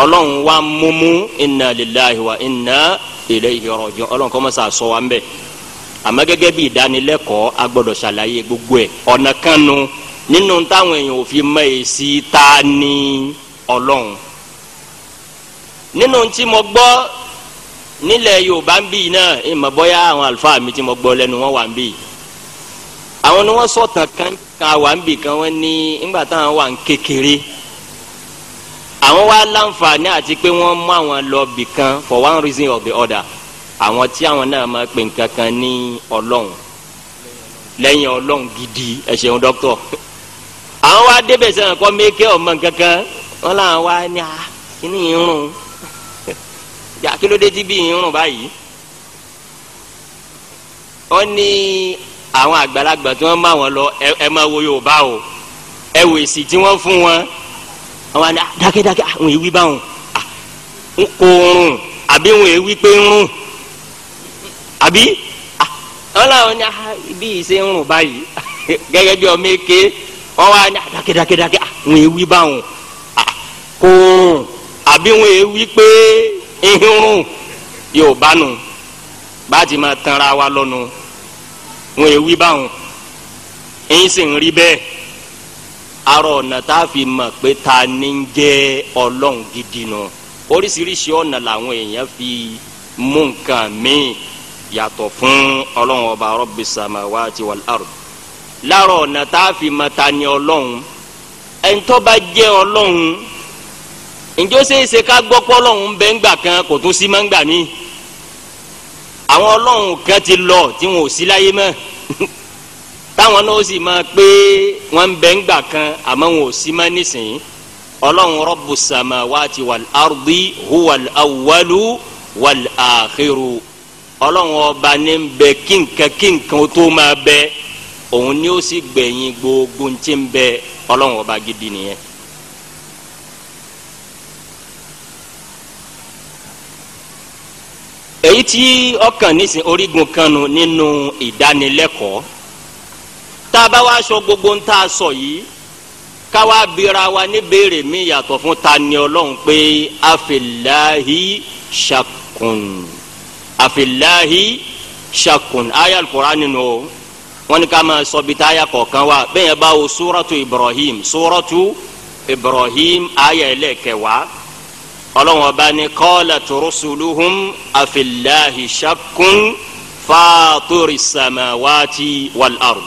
ọlọ́run wá múmú inna lillahi wa inna ilayhi raji'un ọlọ́run kọ́ mọ́ sà sọ wa ń bẹ̀ àmọ́ gẹ́gẹ́ bí ìdánilẹ́kọ̀ọ́ a gbọ́dọ̀ ṣàlàyé gbogbo ẹ̀ ọ̀nà kan nu nínú táwọn èèyàn ò fi mọ èsì ta ni ọlọ́run nínú tí mo gbọ́ nílẹ̀ yorùbá ń bì náà ìmọ̀ bọ́yá àwọn àlùfáà mi tí mo gbọ́ lẹ́nu wọn wà ń bì àwọn ni wọ́n sọ̀tàn kan kan wà ń bì kan wọ́n ní ńgbà táwọn wà ń kékeré àwọn wá láǹfààní àti pé wọ́n mú àwọn lọ bì kan for one reason or the other àwọn tí àwọn náà máa pè nǹkan kan ní ọlọ́run lẹ́yìn ọlọ́run gidi ẹ ṣeun dọ́kítọ̀ àwọn wa débẹ̀ sẹ́yìn kọ́ mẹ́kẹ́ ọmọ nǹkan kan wọ́n làwọn wa ní a ah, kíní irun kílódé tí bí irun báyìí ó ní àwọn àgbàlagbà tí wọ́n máa wọn lọ ẹ máa wo Yorùbá o ẹ wò èsì tí wọ́n fún wọn àwọn àdákẹ́dákẹ́ ah, àwọn ah, èwì báwọn kò rùn àbí wọn èwì pé ń rùn. àbí wọn ah, làwọn ní ah, bí ìṣe ń rùn báyìí gẹ́gẹ́ bí ọmọ eke wọn wá ní dake àwọn ewì báwọn kò rùn àbí wọn ewì pé ń yóò bá bá ti máa tanra wa wọn ewì báwọn sì ń rí arọ ọ̀nà tá fi mọ̀ pé ta ni ń jẹ́ ọlọ́run gidi nù oríṣiríṣi ọ̀nà làwọn èèyàn fi mú nǹkan míì yàtọ̀ fún ọlọ́run ọba rọ́bì samawati wal ard láàrọ̀ ọ̀nà tá a fi ma ta ni ọlọ́run ẹ̀ńtọ́ bá jẹ́ ọlọ́run ǹjọ́ ṣeéṣe ká gbọ́ pé ọlọ́run bẹ́ ń gbà kan kò tún sí máa ń gbà mí àwọn ọlọ́run kan ti lọ tí wọn ò sí láyé mọ́ táwọn náà sì máa pé wọn ń ń gbà kan àmọ́ wọn ò sí máa nísìnyí ọlọ́run rọ́bù samawati wal ardi huwal awwalu wal akhiru ọlọ́run ọba ní ń bẹ kí nǹkan kí nǹkan ó tó máa bẹ òun ni ó sì gbẹ̀yìn gbogbo ń ti ń bẹ ọlọ́run ọba gidi nìyẹn. èyí tí ọkàn nísìn orígun kanu nínú ìdánilẹ́kọ̀ọ́ tá a bá wá sọ gbogbo ń tá a sọ yìí káwá bira wa ní béèrè yàtọ̀ fún ta ni ọlọ́run pé àfẹ́láhi ṣàkùn àfìláhi ṣakùn aya alukur'an nínú o wọn ni ká máa sọ bí táyà kọ̀ọ̀kan wa bẹ́ẹ̀ yẹn bá wo suratu ibrahim suratu ibrahim aya ẹlẹ́kẹwàá ọlọ́wọ́n ọba ni kọ́ọ̀lá turusuluhum àfìláhi ṣakùn fàtúrì sàmáwáti wàlárù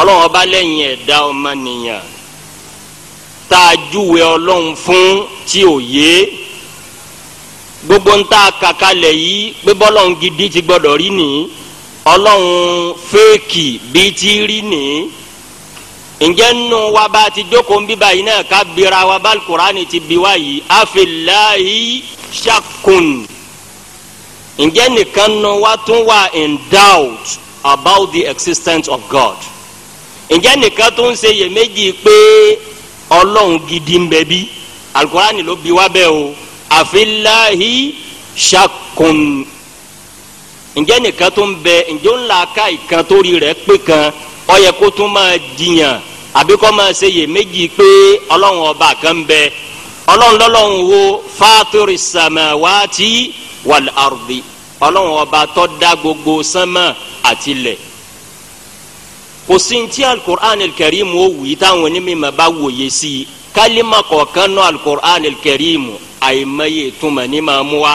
ọlọ́run ọba lẹ́yìn ẹ̀dá ọmọnìyàn tá a júwe ọlọ́run fún tí ò yé gbogbo ń ta kàkalẹ̀ yìí pé bọ́lọ́hún gidi ti gbọ́dọ̀ rí ni ọlọ́hún fẹ́ẹ̀kì bíi ti rí ni ǹjẹ́ nínú wa bá ti jókòó ń bí báyìí náà ká bira wa bá alukur'ani ti bi wá yìí afilahi shakun ǹjẹ́ nìkan nínú wa tún wà in doubt about the existence of God ǹjẹ́ nìkan tún ṣe iyèméjì pé ọlọ́hún gidi ń bẹ bí alukur'ani ló bi wá bẹ́ẹ̀ o àfiláhi ṣàkùn ǹjẹ́ nìkan tó ń bẹ ǹjẹ́ ń la ká ìkan tó rí rẹ̀ pé kan ó yẹ kó tún máa jiyàn àbí kó máa ṣe iyèméjì pé ọlọ́run ọba kan ń bẹ ọlọ́run lọ́lọ́run wo fàtírì sàmáwátì wàl àrùbí ọlọ́run ọba tó dá gbogbo sánmà àtilẹ̀ kò sí ní ti alukur'an kẹrìmù ó wù í táwọn onímọ̀ bá wòye sí i Kalima kọ̀ọ̀kan nù alukur'an kẹrìmù àìmọye túmọ̀ ní máa mú wa.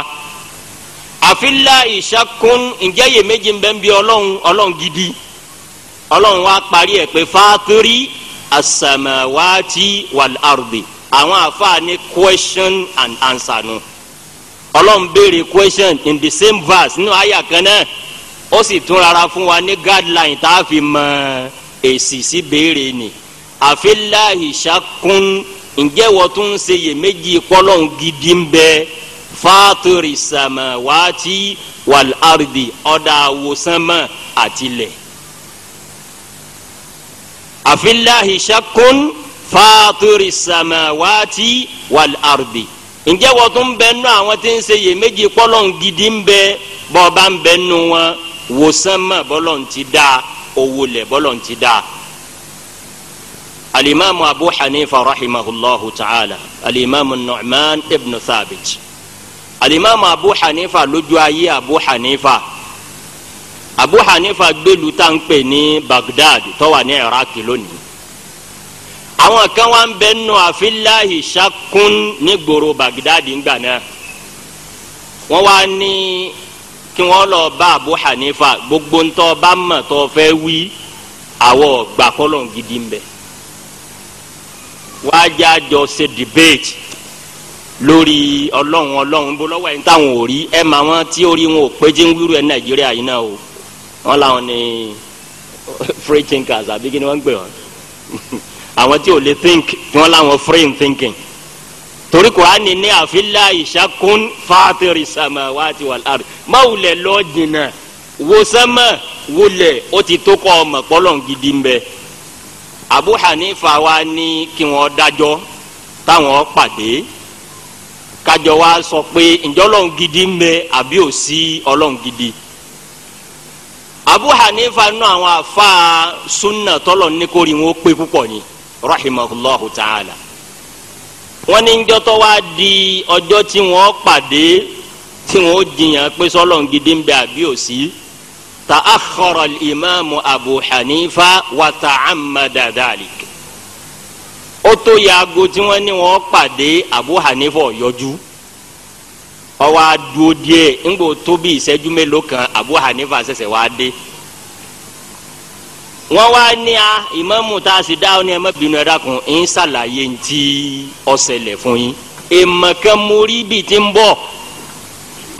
àfilà ìṣàkún ǹjẹ́ yè méjì ń bẹ́ ń bí ọlọ́run gidi ọlọ́run wa parí ẹ̀ pé fàtírì asàmàwátì wàlárùbì àwọn àfáà question and answer nù. ọlọ́run béèrè question in the same verse nínú àyà kan náà ó sì tún rárá fún wa ní guideline tá a fi mọ èsì sí béèrè ni. Si àfiláhi sakun ǹjẹ́ wọ́n tún ṣe iyèméjì kọ́lọ́n gidi ń bẹ fàtúrì sàmà wàtí wàl àrùdì ọ̀dà àwòsánmà àtìlẹ̀. àfiláhi sakun fàtúrì sàmà wàtí wàl àrùdì ǹjẹ́ wọ́n tún bẹ nù àwọn tí ń ṣe iyèméjì kọ́lọ́n gidi ń bẹ bọ́ọ̀ bá wọn wòsánmà bọ́lọ̀ ń ti owó lẹ̀ bọ́lọ̀ ń ti alimami abu hanifa rahimahullahu ta'ala alimami nu'man ibn thabit alimami abu hanifa lójú ayé abu hanifa abu hanifa gbẹlu tá n pè ní baghdad tó wà ní iraq lónìí àwọn kan wà ń bẹ nù àfiláhi sakun ní gbòòrò baghdad ńgbà náà wọn wá ní kí wọn lọ bá abu hanifa gbogbo ntọ́ bá mọ̀ tó fẹ́ wí àwọn gbàkọ́lọ̀ gidi ń bẹ wàá jẹ́ àjọ ṣe debate lórí ọlọ́run ọlọ́run bó lọ́wọ́ ẹni táwọn ò rí ẹ máa wọn tí ó rí wọn ò pé jí ń wíru ẹ nàìjíríà yìí náà o wọn làwọn ni free thinkers àbí kí ni wọ́n ń pè wọ́n àwọn tí ò lè think wọn làwọn free thinking torí Kùránì ní àfilà ìṣàkún fàtìrì samawati wal ard máwùlẹ̀ lọ́ọ́ jìnnà wò sánmà wòlẹ̀ ó ti tó kọ́ ọmọ pọ́lọ́n gidi ń bẹ́ẹ̀. Abu Hanifa wa ní kí wọn dájọ́ táwọn pàdé kájọ wa sọ pé ǹjẹ́ ọlọ́run gidi ń bẹ àbí ò sí ọlọ́run gidi Abu Hanifa nù àwọn afa sunna tọ́lọ̀ níkórì wọn ó pé púpọ̀ ni rahimahullahu ta'ala wọn ní njọtọ wa di ọjọ́ tí wọn pàdé tí wọn ó jiyàn pé sọlọ́run gidi ń bẹ àbí ò sí. Si تأخر الإمام أبو حنيفة وتعمد ذلك ó tó yaago tí أبو حنيفة wọ́n pàdé Abu Hanifa yọjú ó wá dúró díẹ̀ ńgbò tó bí ìṣẹ́jú mélòó kan Abu Hanifa ṣẹ̀ṣẹ̀ wá dé wọ́n wá ní a ìmáàmù tá a sì dá ọ ní ẹ bínú ẹ dákun ń ṣàlàyé ntí ó ṣẹlẹ̀ fún yín èèmọ̀ kan mo rí ibi ń bọ̀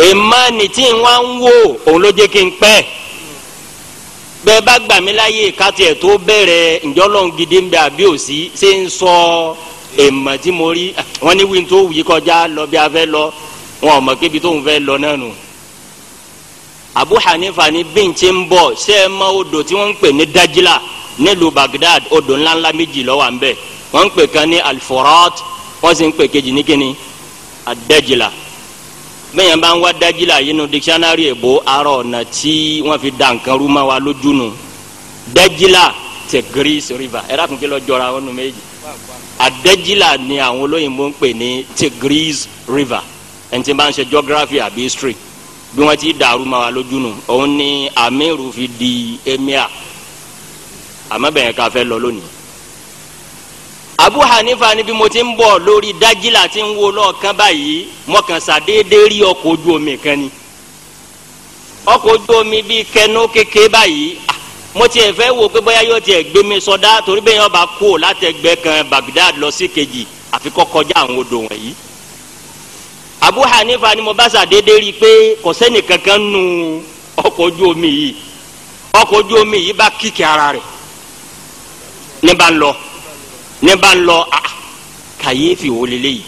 èèmọ̀ ni tí ń wá ń wò òun ló jẹ́ kí n pẹ́ bẹ́ẹ̀ bá gbà mí láyè káti ẹ̀ tó bẹ̀rẹ̀ ǹjọ́lọ́ gidi ń bẹ àbí òsì ṣé ń sọ èèmọ̀ tí mo rí ah, wọn ní wíńtó wí kọjá lọ bí a fẹ́ lọ wọn ò mọ̀ kébi tóun fẹ́ lọ náà nù. Abu Hanifa ní bíǹtì ń bọ̀ ṣé ẹ mọ odò tí wọ́n ń pè ní Dajila nílùú Baghdad odò ńláńlá méjì ló wà ń bẹ̀ wọ́n ń pè kan ní Al-Furat wọ́n sì ń pè kejì ní kíni ad bẹ́ẹ̀ bá ń wá dájí la yínú dikisianari èbó arọ ọ̀nà tí wọ́n fi da nǹkan rú ma wa lójú nu dájí la tẹ Greece river ẹ̀rọ àkùnkè lọ jọra wọn nu méjì àdájílà ni àwọn olóyìnbó ń pè ní Tigris river ẹni tí wọ́n ṣe geography àbí history bí wọ́n ti dàrú ma wa lójú nu òun ni amiru fi di emir àmọ́ bẹ̀yẹn ká fẹ́ lọ lónìí. abu hanifa níbi mo ti ń bọ̀ lórí dájílà tí ń wo lọ́ọ̀kan báyìí mọ̀kànsá déédéé rí ọkọ̀ ojú omi kan ni ọkọ̀ ojú omi bi kẹnú kéke báyìí mo tiẹ̀ fẹ́ wo pé bóyá yóò ti gbé mi sọdá torí bẹ́ẹ̀ yóò bá kú ò látẹ̀gbẹ́ kan Baghdad lọ sí kejì àfi kọ́ kọjá àwọn odò wọ̀nyí abu hanifa ni mo bá sàdédé rí i pé kò sẹ́ni kankan nu ọkọ̀ ojú omi yìí ọkọ̀ ojú omi yìí bá kíkì ara rẹ̀ ní bá ń lọ. ní bá ń lọ ah, kàyéfì wo yìí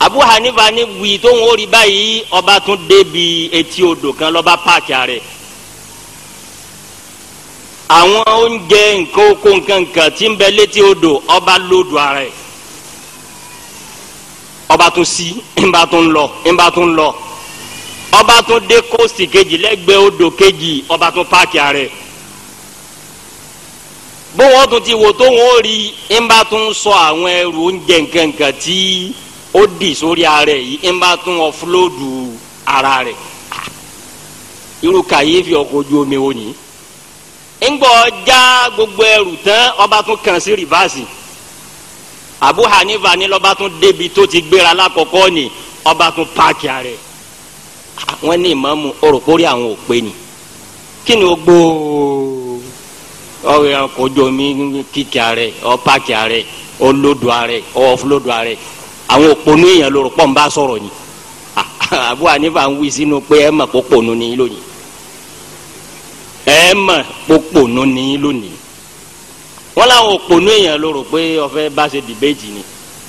Abu Hanifa ni wì tó ń wóri báyìí ọba tún débi etí odò kan lọ́ba páàkì rẹ̀ àwọn oúnjẹ nǹkan oko nǹkan nǹkan tí ń bẹ létí odò ọba lódò rẹ̀ ọba tún sí ńba tún lọ ńba tún lọ ọba tún dé kóòsì kejì lẹ́gbẹ̀ẹ́ odò kejì ọba tún páàkì rẹ̀ bóun ó tún ti wò tó wọn ó rí ń bá tún sọ àwọn ẹrù oúnjẹ nkankan tí ó dì sórí ara ẹ yìí ń bá tún ọfúlóòdù ara rẹ irú kàyéfì ọkọ̀ ojú omi wo ni ńgbọ́ já gbogbo ẹrù tán ọba tún kàn sí rìvásì Abu Hanifa ni lọ́ba tún débi tó ti gbéra lákọ̀ọ́kọ́ ni ọba tún páàkì ara ẹ̀ wọ́n ní ìmọ̀ọ́mù oròkórí àwọn òpè ni kí ni ó gbóòó ọ̀rẹ́ ọkọjọ mi kíkì arẹ ọpákì arẹ ọlọdọ arẹ ọfúlọdọ arẹ àwọn òpònú èèyàn ló rò bá sọ̀rọ̀ ni àbú ànífà ń wí sínú pé ẹ mọ̀ pópònú ni lónìí ẹ mọ̀ pópònú ni lónìí wọn làwọn òpònú èèyàn ló pé ọfẹ bá ṣe ni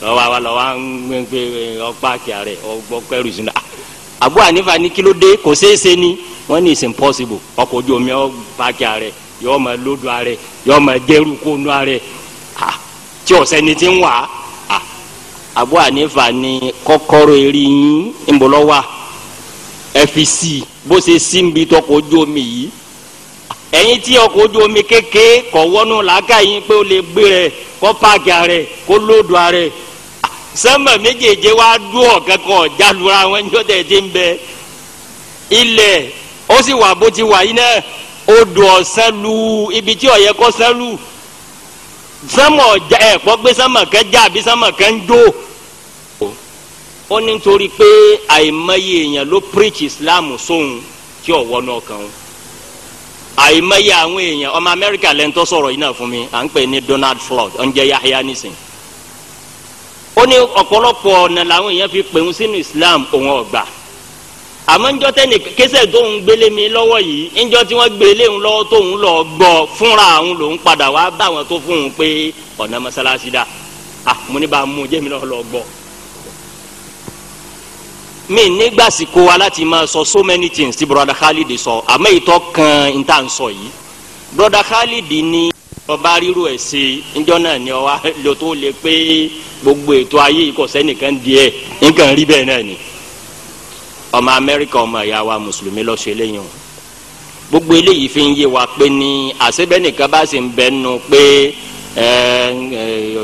lọ́wọ́ àwa lọ́wọ́ à ń gbé ọpákì arẹ ọgbọ́kẹ́rù sínú àbú ànífà ní kí kò ṣeé ni wọ́n ní it's impossible ọkọ̀ ojú omi ọ pàkì yọ ma lódò arẹ yọ ma jẹrù kó nù arẹ ah tí ọ̀sẹ̀ ni ti ń wà ah Abu Hanifa ni kọ́kọ́rọ́ eré yín ń bọ̀ lọ́wọ́ ẹ fi sí i bó ṣe sí ń bi tọkọ̀ ojú omi yìí ẹ̀yin tí ọkọ̀ ojú omi kékeré kọ̀ wọ́nú làákà pé ó lè gbé rẹ̀ kọ́ páàkì arẹ kó lódò arẹ sẹ́mbà méjèèjì wá dún ọ̀kẹ́kọ̀ jálura wọn ní ọ̀tẹ̀ tí ń bẹ ó sì wà bó ti wà yín náà odò ọ̀sán ibi tí ọ̀yẹ́ kọ́ sán lu sánmọ̀ gbé sánmọ̀ kan já àbí sánmọ̀ kan jó ó ní nítorí pé àìmọye èèyàn ló preach Islam sóhun tí ọ̀wọ́ náà kàn àìmọye àwọn èèyàn ọmọ Amẹ́ríkà lẹ́ńtọ́ sọ̀rọ̀ yìí náà fún mi à ń pè ní Donald Floyd ọ̀njẹ́ Yahya nisin ó ní ọ̀pọ̀lọpọ̀ ọ̀nà làwọn èèyàn fi pè Islam òun àmọ́ njọ́ tẹ́ ní kẹsẹ̀ tó ń gbélé mi lọ́wọ́ yìí njọ́ tí wọ́n gbélé ń lọ́wọ́ tó ń lọ gbọ́ fúnra àwọn lòún padà wá bá àwọn tó fún un pé ọ̀nà mọ́sálásí dá a mo ní bá a mú jẹ́mi náà lọ gbọ́. mi nígbàsíkò wa láti máa sọ so many things tí broda Khalid sọ àmọ́ ìtọ́ kan n ta n sọ yìí broda Khalid ní ọba ríru ẹ̀ sí njọ́ náà ni ọwa lọ́tọ́ lè pé gbogbo ètò ayé ìkọ̀sẹ́ nìkan díẹ̀ nǹkan rí bẹ́ẹ̀ náà ni ọmọ amẹ́ríkà ọmọ ẹ̀yà wa mùsùlùmí lọ́ọ́ ṣe léyìn o gbogbo eléyìí fi ń yé wa pé ní àṣebẹ́nìkan bá sì ń bẹ́ nu pé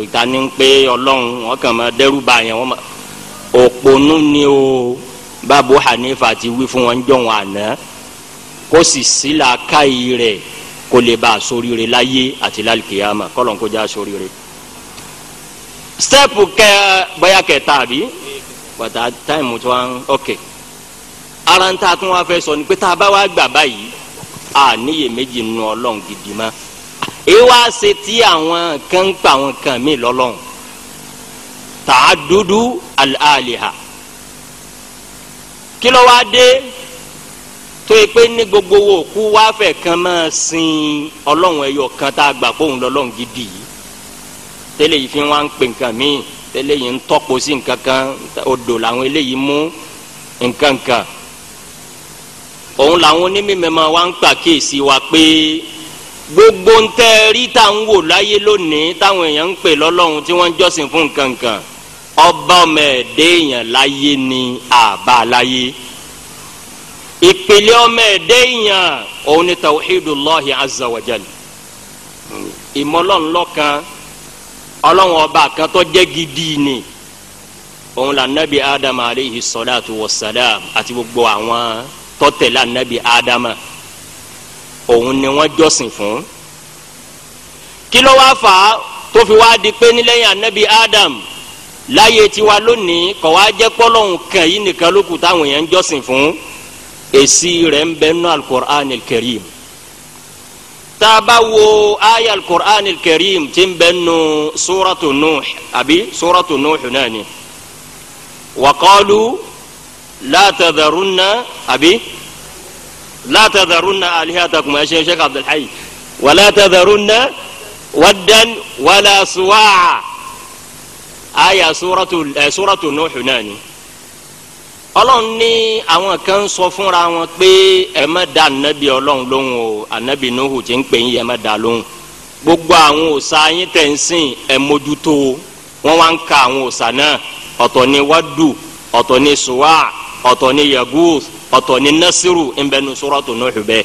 ìta ni ń pé ọlọ́run wọn kàn máa dẹ́rù bá yẹn wọn òpònú ni o báàbò hanifa ti wí fún wọn jọ̀wọ́n àná kó sì sí làákàyè rẹ̀ kó lè bá a láyé àti lálùkìyàmà kọ́lọ́n kó já sóríire. stẹ́ẹ̀pù kẹ́ bọ́yá kẹta àbí bàtà táìmù tí wọ́n ń Okay ara ń ta tún wá fẹ́ sọ ni pé tá a bá wá gbà báyìí a níyè méjì nu ọlọ́run gidi mọ́ èyí wá ṣe tí àwọn kan ń pa àwọn kan mí lọ́lọ́run tààdúdú àlìhà kí ló wá dé tó yẹ pé ní gbogbo wo kú wá fẹ́ kan máa sin ọlọ́run ẹyọ kan tá a gbà pòun lọ́lọ́run gidi yìí tẹ́lẹ̀ yìí fi wá ń pè nǹkan míì tẹ́lẹ̀ yìí ń tọ́pọ̀ sí nǹkan kan odò làwọn eléyìí mú nǹkan kan. òun làwọn onímọ̀ wa ń pàkíyèsí wa pé gbogbo ń tẹ́ rí tá ń wò láyé lónìí táwọn èèyàn ń pè lọ́lọ́run tí wọ́n ń jọ́sìn ọba ọmọ ẹ̀dẹ́ èèyàn láyé ni àbá láyé ìpìlẹ̀ ọmọ ẹ̀dẹ́ èèyàn òun ni tawhidullahi azza ìmọ̀lọ́run ọba kan tó jẹ́ gidi ni òun là nàbí adam aleyhi tọ́tẹ̀lé anabi adama òun ni wọ́n jọ́sìn fún kí ló wá fà á tó fi wá di pé nílẹ̀yìn anabi adam láyé tiwa lónìí kọ̀ wá jẹ́ pọ́lọ́hún kan yìí nìkan ló kù táwọn èèyàn ń jọ́sìn fún èsì rẹ̀ ń bẹ nínú alukur'an karim tá aya alukur'an karim tí ń bẹ nínú suratu nuh àbí suratu nuh náà ni la tadharunna àbí la tadharunna alihatakum ẹ̀ṣẹ̀ sheikh abdulhayi wala tadharunna waddan wala suwaa aya suratu ẹ suratu nuhu náà ni ọlọ́run ní àwọn kan sọ fúnra wọn pé ẹ má da anabi ọlọ́run lóhùn o anabi nuhu ti ń pè yín ẹ má da lóhùn gbogbo àwọn òòṣà yín tẹ̀ ń sìn ẹ mójútó ka àwọn òòṣà náà ọ̀tọ̀ ni wadu ọ̀tọ̀ ni suwaa ọ̀tọ̀ ni yaguth ọ̀tọ̀ ni nasiru nbẹnu suratu nuhu bẹ.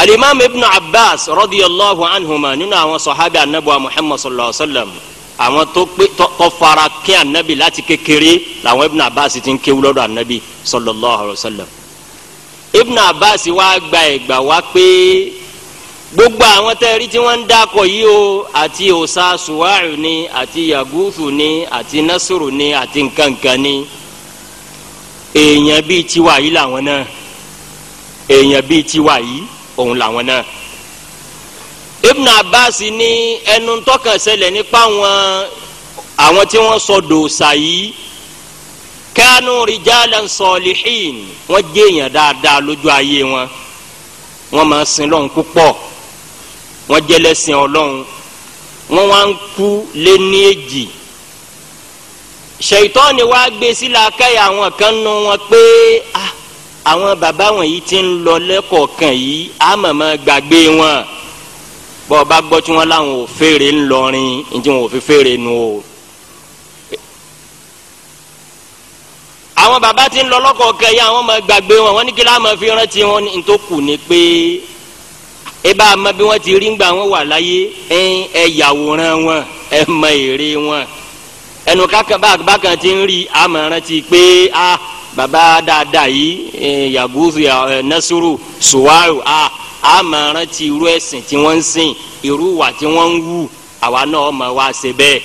alimami ibn abbas radiyallahu anhuma nínú àwọn sọ̀hábì anabuwa muhammad sallallahu alayhi wa sallam àwọn tó pé tó fara kí anabi láti kékeré làwọn ibn abbas ti ń kéwú lọ́dọ̀ anabi sallallahu alayhi wa sallam ibn abbas wá gba ẹ̀gbà wá pé gbogbo àwọn tẹ́rí tí wọ́n ń dákọ̀ yìí o àti òsa suwaru ni àti yagusu ni àti nasiru ni àti nkankan ni èèyàn bíi tiwa yìí làwọn náà èèyàn bíi tiwa yìí òun làwọn náà Ibn Abbas ní ẹnu tọkàn ṣẹlẹ̀ nípa àwọn àwọn tí wọ́n sọ dòòsà yìí kánú rijalan salihin wọ́n jẹ́ èèyàn dáadáa lójú ayé wọn wọ́n máa sin lọ́hùn púpọ̀ wọ́n jẹ́ lẹ́sìn Ọlọ́hun wọ́n wá ń kú lé ní èjì ṣèyítọ́ni wá gbé sílá káyà àwọn kan nu wọn pé ah, àwọn bàbá wọn yìí ti ń lọ lẹ́kọ̀ọ̀kan yìí á màmá gbàgbé wọn bọ́ ọ bá gbọ́ tí wọ́n láwọn ò fèrè ńlọrin ní tí wọn ò fi fèrè nu o. àwọn bàbá ti ń lọ lọ́kọ̀ọ̀kan yìí àwọn ọmọ gbàgbé wọn wọn ní kí láwọn fi rántí wọn ní tó kù ni pé ẹ bá a mọ bí wọ́n ti rí ń gbà wọ́n wà láyé ẹ yàwòrán wọn ẹ mọ èrè wọn ẹnu bákan ti ń rí amọ̀ràn ti pé a baba dáadáa yìí yaguzu nasuru suwaru a amọ̀ràn ti irú ẹ̀sìn tí wọ́n ń sìn irú wà tí wọ́n ń wù àwa náà mọ̀ wá ṣe bẹ́ẹ̀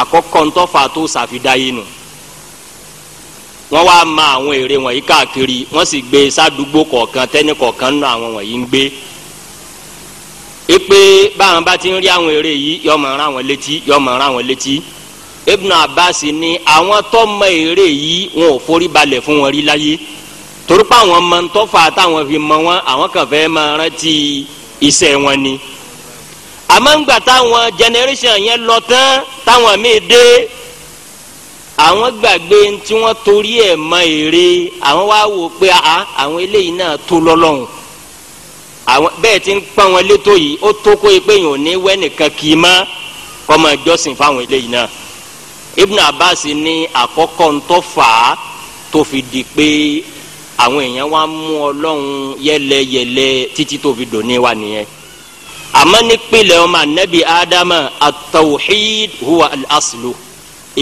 àkọ́kọ́ ntọ́fà tó ṣàfidáyé nù wọ́n wá ma àwọn èrè wọ̀nyí káàkiri wọ́n sì gbé e sádùúgbò kọ̀ọ̀kan tẹ́ni kọ̀ọ̀kan nù àwọn wọ̀nyí ń gbé ipe báwọn bá ti ń rí àwọn èrè yìí yọmọ ara létí yọmọ ara létí Ibn Abbas ni àwọn tó mọ èrè yìí wọn ò forí balẹ̀ fún wọn rí láyé torípa àwọn mọ ntọ́fà táwọn fi mọ wọn àwọn kan fẹ́ máa rántí iṣẹ́ wọn ni àmọ́ngbà táwọn generation yẹn lọ tán táwọn míì dé àwọn gbàgbé tí wọ́n torí ẹ̀ mọ èrè àwọn wá wò pé àwọn eléyìí náà tó lọ́lọ́run àwọn bẹ́ẹ̀ ti ń pọ́n wọn létò yìí ó tó kó e ò ní wẹ́ kì í mọ́ kọ́ máa jọ́sìn fáwọn eléyìí náà. Ibn Abbas ní àkọ́kọ́ ńtọ́ fà á tó fi di pé àwọn èèyàn wa mú ọlọ́run yẹlẹyẹlẹ títí tó fi dòní wa nìyẹn àmọ́ nípìnlẹ̀ ọmọ anabi adama atawhid huwa al-aslu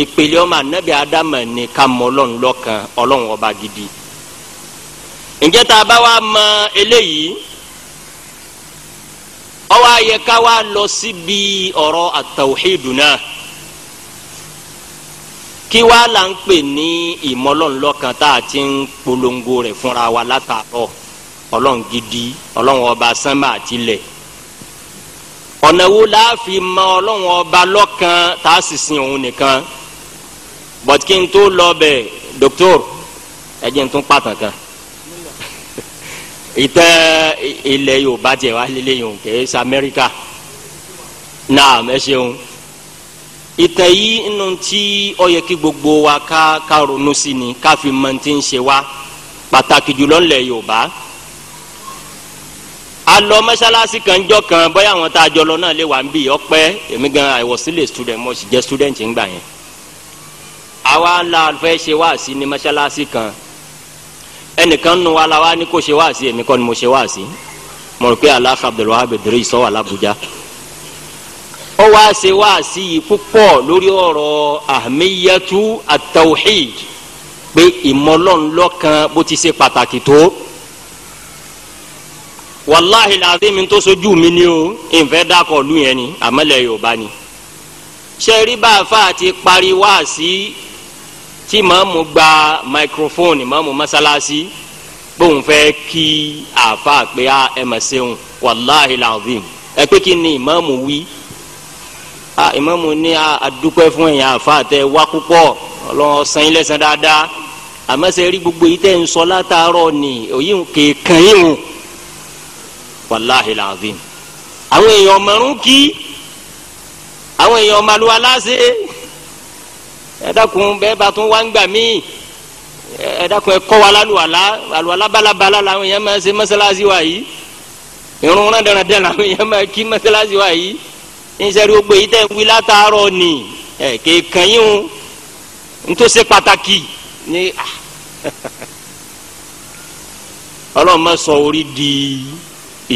ìpìlẹ̀ ọmọ anabi adama ní ká mọ ọlọ́run lọ́kan ọlọ́run ọba gidi ǹjẹ́ tá a bá wa mọ eléyìí ó wá ká wá lọ síbi ọ̀rọ̀ atawhid náà kí wá là ń pè ní ìmọ̀lọ́nlọ́kan tá a ti ń polongo rẹ̀ fúnra wa látàárọ̀ ọlọ́run gidi ọlọ́run ọba sánmà àtìlẹ̀ ọ̀nà wo la fi mọ ọlọ́run ọba lọ́kan tá a sì sin òun nìkan but kí n tó lọ bẹ̀ doctor ẹ jẹ́ n tún pàtàn kan ìtẹ́ ilẹ̀ yorùbá tiẹ̀ wá lélẹ́yìn òun kẹ́ ẹ́ sẹ́ amẹ́ríkà náà ẹ ṣeun ìtàn yìí nínú tí ó yẹ kí gbogbo wa ká ká ronú sí ni ká fi mọ̀ tí ń ṣe wa pàtàkì jùlọ ńlẹ̀ Yorùbá a lọ mọ́sálásí kan jọ́ kan bóyá àwọn tá a jọ lọ náà lè wà ń bì ọpẹ́ èmi gan I student mo sì jẹ́ student ńgbà yẹn àwa la fẹ́ ṣe wáàsí ní mọ́sálásí kan ẹnìkan nu wa la wa ní kó ṣe wáàsí èmi kọ́ ni mo ṣe wáàsí mo rò pé aláfa Abdulwahab Idris sọ wà l'Abuja. So wá ṣe wáàsí yìí púpọ̀ lórí ọ̀rọ̀ ahmiyatu atawhid pé ìmọ̀lọ́nlọ́kan bó ti ṣe pàtàkì tó wàláhi làdémi tó sojú mi ni o ìfẹ́ dákọ̀ lù yẹn ni àmọ́lẹ̀ yorùbá ni sẹ́rí bá a fa ti parí wáàsí tí màmú gba microphone màmú masalasi bóun fẹ́ kí àfa pé a ẹ̀ mọ̀ ṣeun wàláhi làdémi ẹ pé kí ni màmú wí a ìmáàmù ní àdúpẹ́ fún ẹ̀yìn àfa tẹ wá púpọ̀ ọlọ́run san ilé san dáadáa àmọ́ ṣe rí gbogbo yìí tẹ́ ń sọ látàárọ̀ ni òyì kéèkàn yìí hù wàláhi làzim àwọn èèyàn mọ̀rún kí àwọn èèyàn màlúwa láṣẹ ẹ dákun bẹ́ẹ̀ bá tún wá ń gbà míì ẹ dákun kọ́ wa lálùwàlá àlùwàlá balabala làwọn èèyàn máa ṣe mọ́sálásí wa yìí irun rẹ̀ dẹ̀rẹ̀dẹ̀ làwọn èèyàn máa kí mọ́sálásí wa yìí níṣẹ́rí gbogbo yìí tẹ̀ ń wí látàárọ̀ ni ẹ̀ kéèkàn yín o ntòsí pàtàkì ni ah. ọlọ́mọ sọ orí di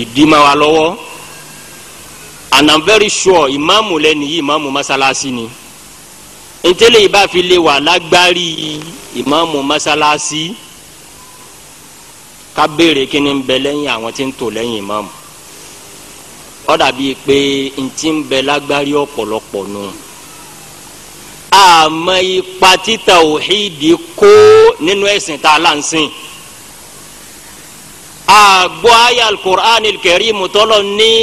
ìdímọ̀ wa lọ́wọ́ and i'm very sure ìmáàmù lẹ́nu yìí ìmáàmù masalasi ni ntẹ́lẹ̀ yìí bá fi lè wà lágbárí ìmáàmù masalasi ká béèrè kí ni ń bẹ àwọn tí ń tò lẹ́yìn ìmáàmù ọ dàbí pé ntí ń bẹ lágbárí ọ̀pọ̀lọpọ̀ nù. àmọ́ ipa tí tawhidi kó nínú ẹ̀sìn tá a là ń sìn. àgbọ̀ ayé al-Qur'an al-Karim tọ́lọ̀ ní.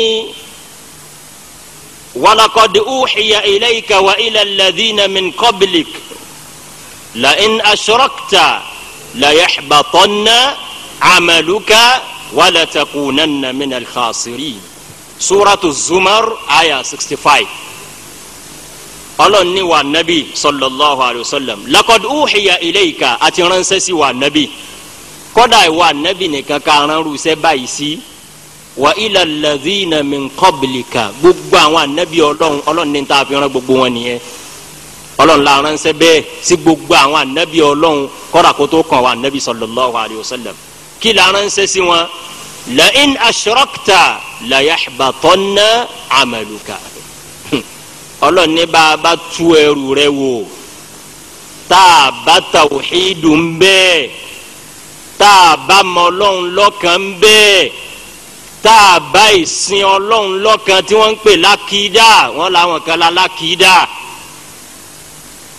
ولقد أوحي إليك وإلى الذين من قبلك لئن أشركت ليحبطن عملك ولتكونن من الخاسرين suratu zumar aya sixty five ọlọ́run ní wa nabi sallallahu alayhi wa sallam lakod uhiya ilayka àti ránṣẹ́ sí wa nabi kódà wa nabi nìkan ká aránrúṣẹ́ báyìí sí wa ila ladhina min qablika gbogbo àwọn anabi ọlọ́run ọlọ́run ní ta àfihàn gbogbo wọn nìyẹn ọlọ́run la ránṣẹ́ bẹ́ẹ̀ sí gbogbo àwọn anabi ọlọ́run kódà kó tó wa nabi sallallahu alayhi wa sallam kí la ránṣẹ́ sí wọn lẹ́yìn aṣọ́rọ́kítà làyàbàtọ́nà àmàlùkà ọlọ́ni bá a bá tú ẹrù rẹ wò tá a bá tàwùhídù ń bẹ́ẹ̀ tá a bá mọ ọlọ́run lọ́kàn ń bẹ́ẹ̀ tá a bá ìsìn ọlọ́run lọ́kàn la lákìdá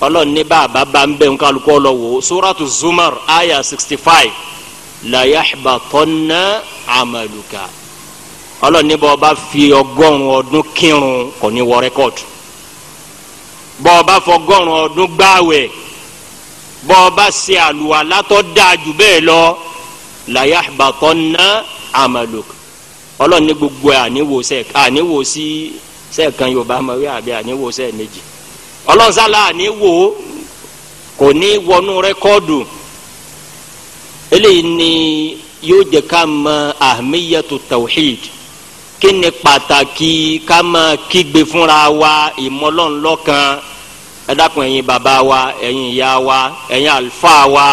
ọlọ́ni bá a bá bá ń bẹ́ẹ̀ ń kálukọ́ lọ wò zumar aya sixty five layaxbatɔnna amaluka ọlọ́ni bọ́ ọba fi ọgọ́rùn ọdún kírun kò ní wọ rẹ́kọ̀dù bọ́ ọba fọgọ́rùn ọdún gbáwẹ̀ bọ́ ọba ṣe àlùwàlá tó dáa jù bẹ́ẹ̀ lọ layaxbatɔnna amaluka ọlọ́ni gbogbo àníwò sẹ́ àníwò sí sẹ́ẹ̀kan yorùbá mọ̀ wí àbí àníwò sẹ́ẹ̀ méjì ọlọ́nsálà àníwò kò ní wọnú rẹ́kọ̀dù eléyìí ni yóò jẹ́ ká mọ ahmiyatu tawhid kí ni pàtàkì ká mọ kígbe fúnra wa ìmọ̀lọ́nlọ́kan ẹ dákun ẹ̀yin bàbá wa ẹ̀yin ìyá wa ẹ̀yin àlùfáà wa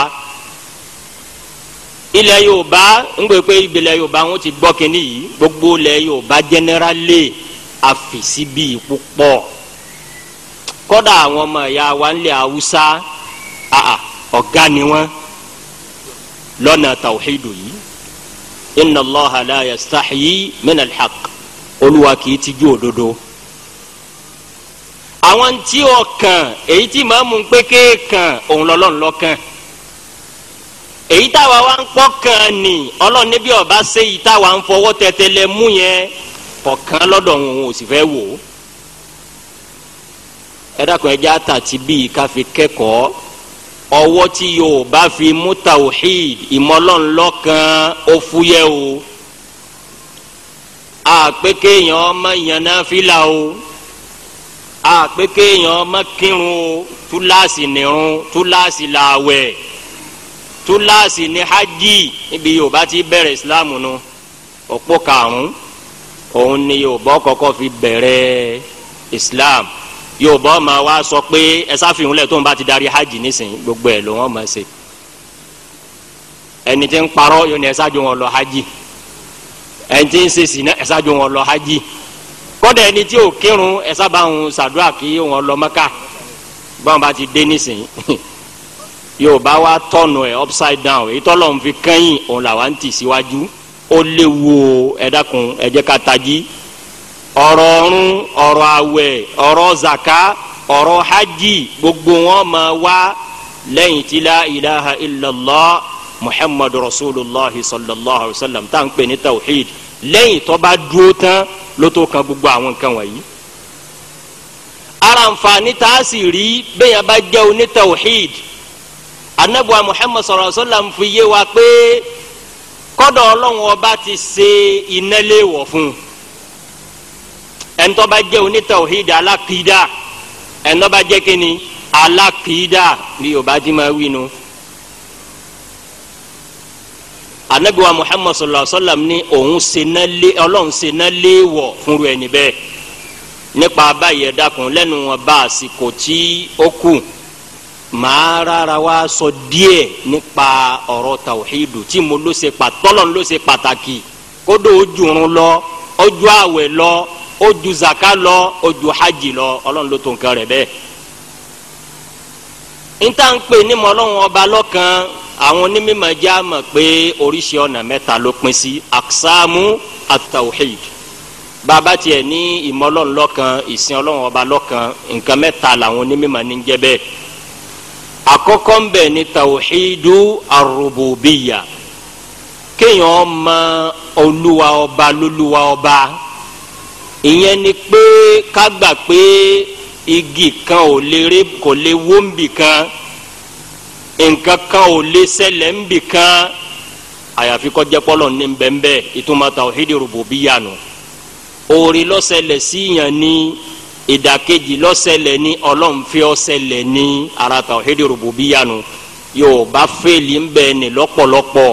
ilẹ̀ yorùbá ń gbé pé ìgbìlẹ̀ yorùbá wọn ti gbọ́ kínní yìí gbogbo ilẹ̀ yorùbá jẹnẹrálì àfìsíbí púpọ̀ kọ́dà àwọn ọmọ ìyá wa ń lé haúsá ọ̀gá ni wọ́n. lọ́nà tawhidu yìí inna allaha la yastahyi min alhaq olúwa kìí tijú òdodo àwọn tí ọkàn èyí tí màmú ń pé òun lọ́lọ́run lọ́kàn èyí táwa wá ń kàn ní ọlọ́run níbi ọba ṣe yìí táwa ń fọwọ́ mú yẹn kọ̀ọ̀kan lọ́dọ̀ òun ò sì fẹ́ wò ó ẹ ọwọ́ tí yóò fi mú tawhid ìmọ̀lọ́nlọ́kan ó fúyẹ́ o àpèké èèyàn ọmọ ìyànná fílà o àpèké èèyàn ọmọ kírun o túláàsì nìrun túláàsì làwẹ̀ túláàsì ní hajj níbi yorùbá ti bẹ̀rẹ̀ ìsìláàmù nu òpó karùn-ún òun ni yorùbá kọ́kọ́ fi bẹ̀rẹ̀ ìsìláàmù yorùbá ọmọ wa sọ pé ẹ sáfihàn lẹ tó ń bá ti darí hajj nísìnyí gbogbo ẹ ló wọn máa ṣe ẹni tí ń parọ́ yóò ní ẹ ṣáájú wọn lọ hajj ẹni tí ń ṣe sìnà ẹ ṣáájú wọn lọ hajj kódà ẹni tí ò kírun ẹ sábà ń kí wọn lọ Mẹ́kà báwọn bá ti dé nísìnyí yorùbá wa tọ̀nù ẹ̀ upside down èyí tọ́lọ̀ ń fi kẹ́yìn òun làwa ń tì síwájú ó léwu ẹ̀dákun ẹ̀jẹ̀ ká tají ọ̀rọ̀ ọ̀run ọ̀rọ̀ àwẹ̀ ọ̀rọ̀ zaka ọ̀rọ̀ hajj gbogbo wọn máa wá lẹ́yìn tí la ilaha illallah muhammadu rasulillah sallallahu alayhi wa sallam tá à ń pè ní tawhid lẹ́yìn tó bá dúró tán ló tó kan gbogbo àwọn nǹkan wọ̀nyí. ara nfaani tá a sì rí bẹ́ẹ̀ bá jẹ́ oní tawhid anabuwa muhammad sallallahu alayhi wa sallam fi yé wa pé kọ́dọ̀ ọlọ́run ọba ti ṣe iná léèwọ̀ fún un ẹnitọba jẹ onítọ̀hídì alákìídà ẹnitọba jẹ kíni alákìídà bí yorùbá ti máa wí nu. anabiwa muhammad sallallahu alaihi wa sallam ni òun sena lé ọlọ́run sena léèwọ̀ fúnru ẹni bẹ́ẹ̀ nípa báyìí ẹ̀dá kan lẹ́nu wọn bá àsìkò tí ó kù màá rárá wa sọ díẹ̀ nípa ọ̀rọ̀ tawhidu tí mo ló ṣe pàtọ́lọ́n ló ṣe pàtàkì kódò ó jùrún lọ ó ju àwẹ̀ lọ O ju zaka lọ ó ju hajj lọ ọlọ́run ló tó nǹkan rẹ̀ bẹ́ẹ̀ níta ń pè ní mọ́lọ́run ọba lọ́kan àwọn onímọ̀ àmọ̀ pé oríṣi ọ̀nà mẹ́ta ló pín sí aksamu atawhid bàbá tiẹ̀ ní ìmọ̀lọ́run lọ́kan ìsìn ọlọ́run ọba lọ́kan nǹkan mẹ́ta làwọn onímọ̀ ní jẹ́ bẹ́ẹ̀ àkọ́kọ́ ń bẹ ní tawhidu arububiya kéèyàn ọmọ olúwa ọba lólúwa ọba ìyẹn ni pé ká gbà pé igi kan ò lè ré kò lè wó nbì kan nǹkan kan ò lè ṣẹlẹ̀ nbì kan àyàfi kó jẹ́ pọ́lọ̀ ní bẹ́ẹ̀nbẹ́ ìtumọ̀ tawhidi rububiyya nù orí ló ṣẹlẹ̀ síyàn ni ìdàkejì ló ni ní ọlọ́nfẹ́ ó ṣẹlẹ̀ ní ara tawhidi rububiyya nù yóò bá fèlì ń bẹ́ẹ̀ lọ́pọ̀lọpọ̀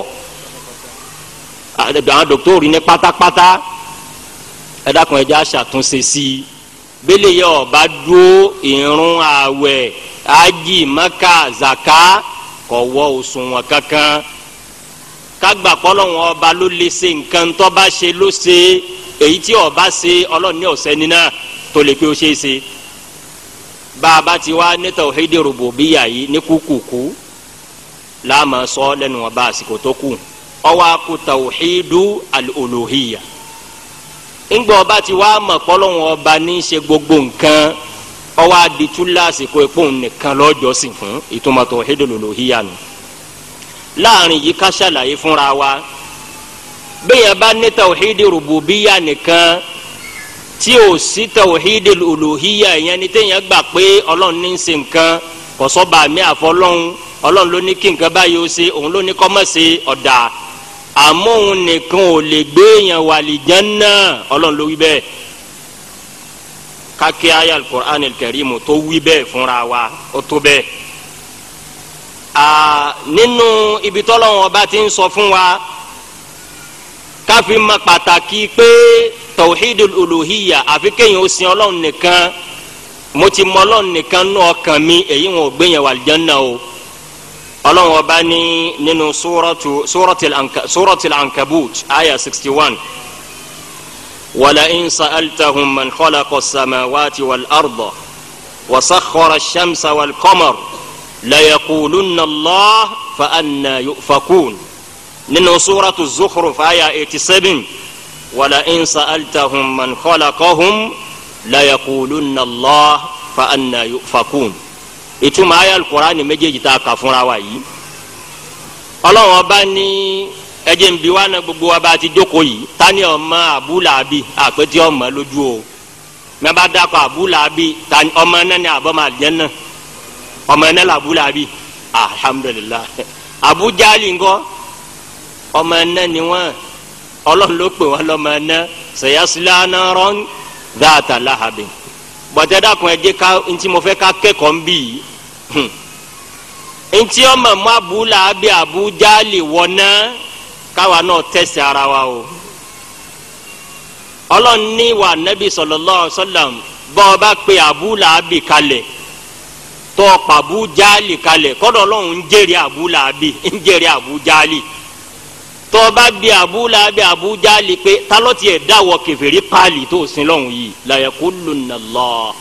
àwọn pátápátá. ẹ dákun ẹ jẹ́ àṣàtúnṣe sí i bẹ́lẹ̀ yẹ ọba dúró ìrun ààwẹ̀ ájì mẹ́kà zaka kọ̀ wọ́ òṣùwọ̀n kankan kágbà pọ́lọ́wọ́n ọba ló lè ṣe nǹkan tó bá ṣe ló ṣe èyí tí ọba ṣe ọlọ́ọ̀ni ọ̀sẹ́ nínà tó lè pé ó ṣeé ṣe bá a bá ti wá ní tawhidi rububiyya yìí ní kúkúkú láàmú sọ lẹ́nu ọba àsìkò tó kù ọwọ́ akú tawhidu al ńgbọ́ ọba ti wá mọ̀ pọ́lọ́hún ọba ní í ṣe gbogbo nǹkan ọwọ́ aditú lásìkò epo nìkan lọ́jọ́ sìn fún ìtumọ̀ tauhidul uluhiyyah nù láàrin yìí ká ṣàlàyé fúnra wa bẹ́ẹ̀ bá ní tauhidi rububiyyah nìkan tí o sí tawhidi olùhíyà yẹn ni téèyàn gbà pé ọlọ́run ní í ṣe nǹkan kọ̀sọ́ba mi àfọlọ́run ọlọ́run ló ní kí nǹkan báyìí ó ṣe òun ló ní kọ́ mọ̀ ọ̀dà àmọ́ òun nìkan ò lè gbé èèyàn wà lìjánná ọlọ́run ló wí bẹ́ẹ̀ kákí ayé alukur'an kẹrìmù tó wí bẹ́ẹ̀ fúnra wa ó tó bẹ́ẹ̀. nínú ibi tọ́lọ́run ọba ti ń sọ fún wa káfí ma pàtàkì pé tawhidul uluhiyya àfi kéèyàn ó sin ọlọ́run nìkan mo ti mọ ọlọ́run nìkan nú ọkàn mi èyí wọn ò gbé yẹn wà lìjánná o. ọlọ́run ọba ní nínú suratul ankabut aya sixty one wàlà insa altahun man khalaqa samawati wal arda kọ́ra shamsa wal kọ́mọr lẹ́yẹ qamar layakulunna lọ́ fa anna yufakun nínú suratul zukhruf aya eighty seven wàlà insa altahun man khalaqahum layakulunna lọ́ fa anna yufakun. ìtumọ̀ ayé alukóra ni méjèèjì tá a kà fúnra wa yìí ọlọ́run ọba ní ẹjẹ̀ ń bi wá náà gbogbo wa bá ti jókòó yìí tani ọmọ abúlàbí àpẹtẹ ọmọ lójú o mẹ bá dákọ abúlàbí tani ọmọ náà ni àbọ̀mọ àdìyẹn náà ọmọ náà la abúlàbí alhamdulilayi abujali ńkọ́ ọmọ náà ni wọn ọlọ́run ló pè wọn lọ́mọ náà sẹ̀yásílá náà rọ́n dáàtà láhàbẹ̀ bọ̀tẹ́dàkùn ẹ̀jẹ̀ ká ntí mo fẹ́ ká kẹ́kọ̀ọ́ ń bì yìí Hmm. ntí ọmọ mọ abúlé abẹ abújá lè wọná káwa náà tẹsí ara wa o ọlọ́run ní wa nẹ́bí sallallahu alaihi wasallam bọ́ ọ bá pe abúlé abẹ kalẹ̀ tọ́ pàbújá lè kalẹ̀ kọ́dọ̀ ọlọ́run ń jèrè abúlé abẹ ń jèrè abújá lè tọba bi abula bi abuja li pe talọ tiẹ dawọ kèfèrí paali tó sin lọhùn yìí la yaqulunna Allah